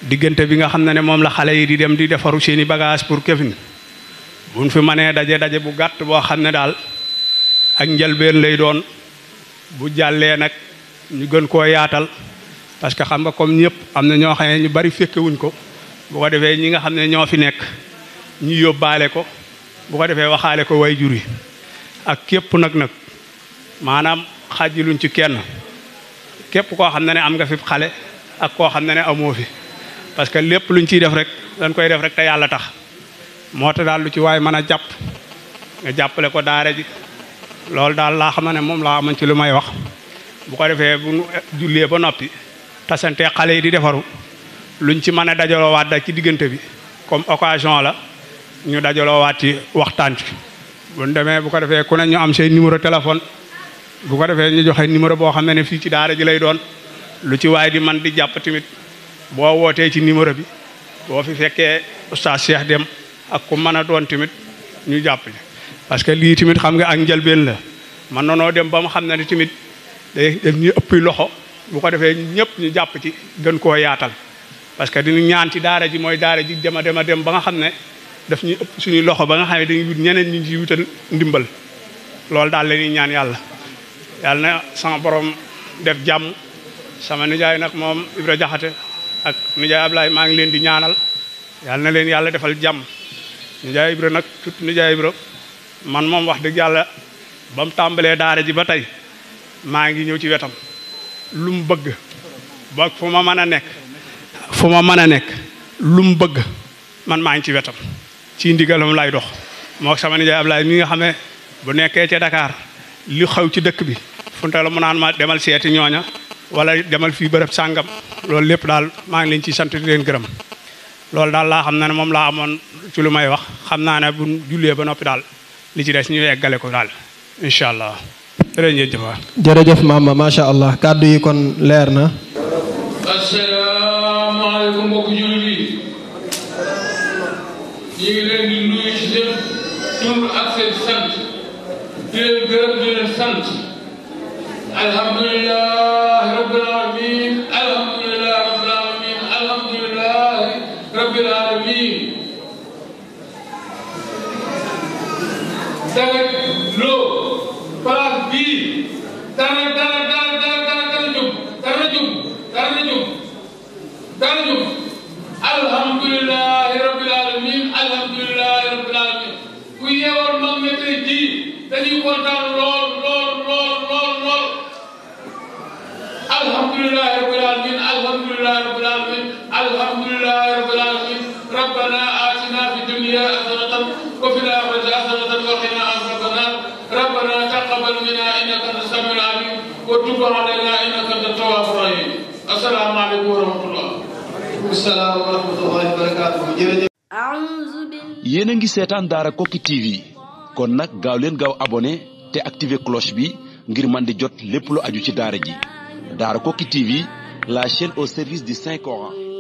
diggante bi nga xam ne ne moom la xale yi di dem di defaru seeni bagage pour kefin buñ fi mënee daje daje bu gàtt boo xam ne daal ak njëlbeen lay doon bu jàllee nag ñu gën koo yaatal parce que xam nga kom ñëpp am na ñoo xam ne ñu bari fekkewuñ ko bu ko defee ñi nga xam ne ñoo fi nekk ñu yóbbaale ko bu ko defee waxaale ko way jur yi ak képp nag nag maanaam xaajiluñ ci kenn képp koo xam ne ne am nga fi xale ak koo xam ne ne amoo fi parce que lépp luñ ciy def rek dañ koy def rek te yàlla tax moo tax daal lu ci waay mën a jàpp nga jàppale ko daara ji loolu daal laa xam ne moom laa amoon ci lu may wax bu ko defee bu nu ba noppi tasante xale yi di defaru lu ñu ci mën a dajaloowaat da ci diggante bi comme occasion la ñu dajaloowaat ci waxtaan ci buñ demee bu ko defee ku ne ñu am say numéro téléphone bu ko defee ñu joxe numéro boo xam ne fii ci daara ji lay doon lu ci waay di man di jàpp tamit boo wootee ci numéro bi boo fi fekkee oustaz Cheikh Dem ak ku mën a doon tamit ñu jàpp ci parce que lii tamit xam nga ak njëlbeen la man noonoo dem ba mu xam ne ni tamit day def ñu ëpp loxo bu ko defee ñëpp ñu jàpp ci gën koo yaatal parce que diñu ñaan ci daara ji mooy daara ji dem a dem a dem ba nga xam ne daf ñuy ëpp suñuy loxo ba nga xam ne dañuy wut ñeneen ñu ci ndimbal loolu daal la ñaan yàlla yàlla na sama borom def jàmm sama nijaay nag moom Ibra Jaxate ak nijaay Ablaay maa ngi leen di ñaanal yàlla na leen yàlla defal jàmm nijaay Ibra nag surtout nijaay Ibra man moom wax dëgg yàlla ba mu tàmbalee daara ji ba tey maa ngi ñëw ci wetam lu mu bëgg fu ma mën a nekk fu ma mën a nekk lu mu bëgg man maa ngi ci wetam ci ndigalam lay dox moo sama nijaay Ablaay mi nga xam ne bu nekkee ci dakaar lu xew ci dëkk bi funta la mu naan ma demal seeti ñooña wala demal fii bërëb sàngam loolu lépp daal maa ngi leen ciy sant di gërëm loolu daal laa xam na ne moom laa amoon ci lu may wax xam naa ne bu jullee ba noppi daal li ci des ñu eggale ko daal incha allah jërëjëf jëfa jërëjëf maama macha allah kàddu yi kon leer na asalaamaaleykum mbokku jullit yi ñu ngi leen di nuyu ci seen tur ak seen sant di leen gërëm di leen sant alhamdulilah rabbil alamin alhamdulilah rabbil alamin alhamdulilah rabbil alamin dara loo place bii dara dara dara jóg alhamdulilahi rabbil alamin alhamdulilahi rabbil alamin ku yeewoon mag ña tey jii dañuy kontaan lool lool lool lool lool alhamdulilahi rabbil alamin alhamdulilahi rabbil alamin alhamdulilahi rabbil alamin rabbana atina fi dunya hasanatan wa fil akhirati hasanatan wa qina adhaban nar rabbana taqabbal minna innaka antas samiul alim wa tub alayna innaka antat tawwabur rahim assalamu alaykum wa rahmatullahi waaleykum yéen a ngi seetaan Daara Koki TV kon nag gaaw leen gaaw abonné te activé cloche bi ngir man di jot lépp lu aju ci daara ji Daara Koki TV la chaîne au service du Saint Coran.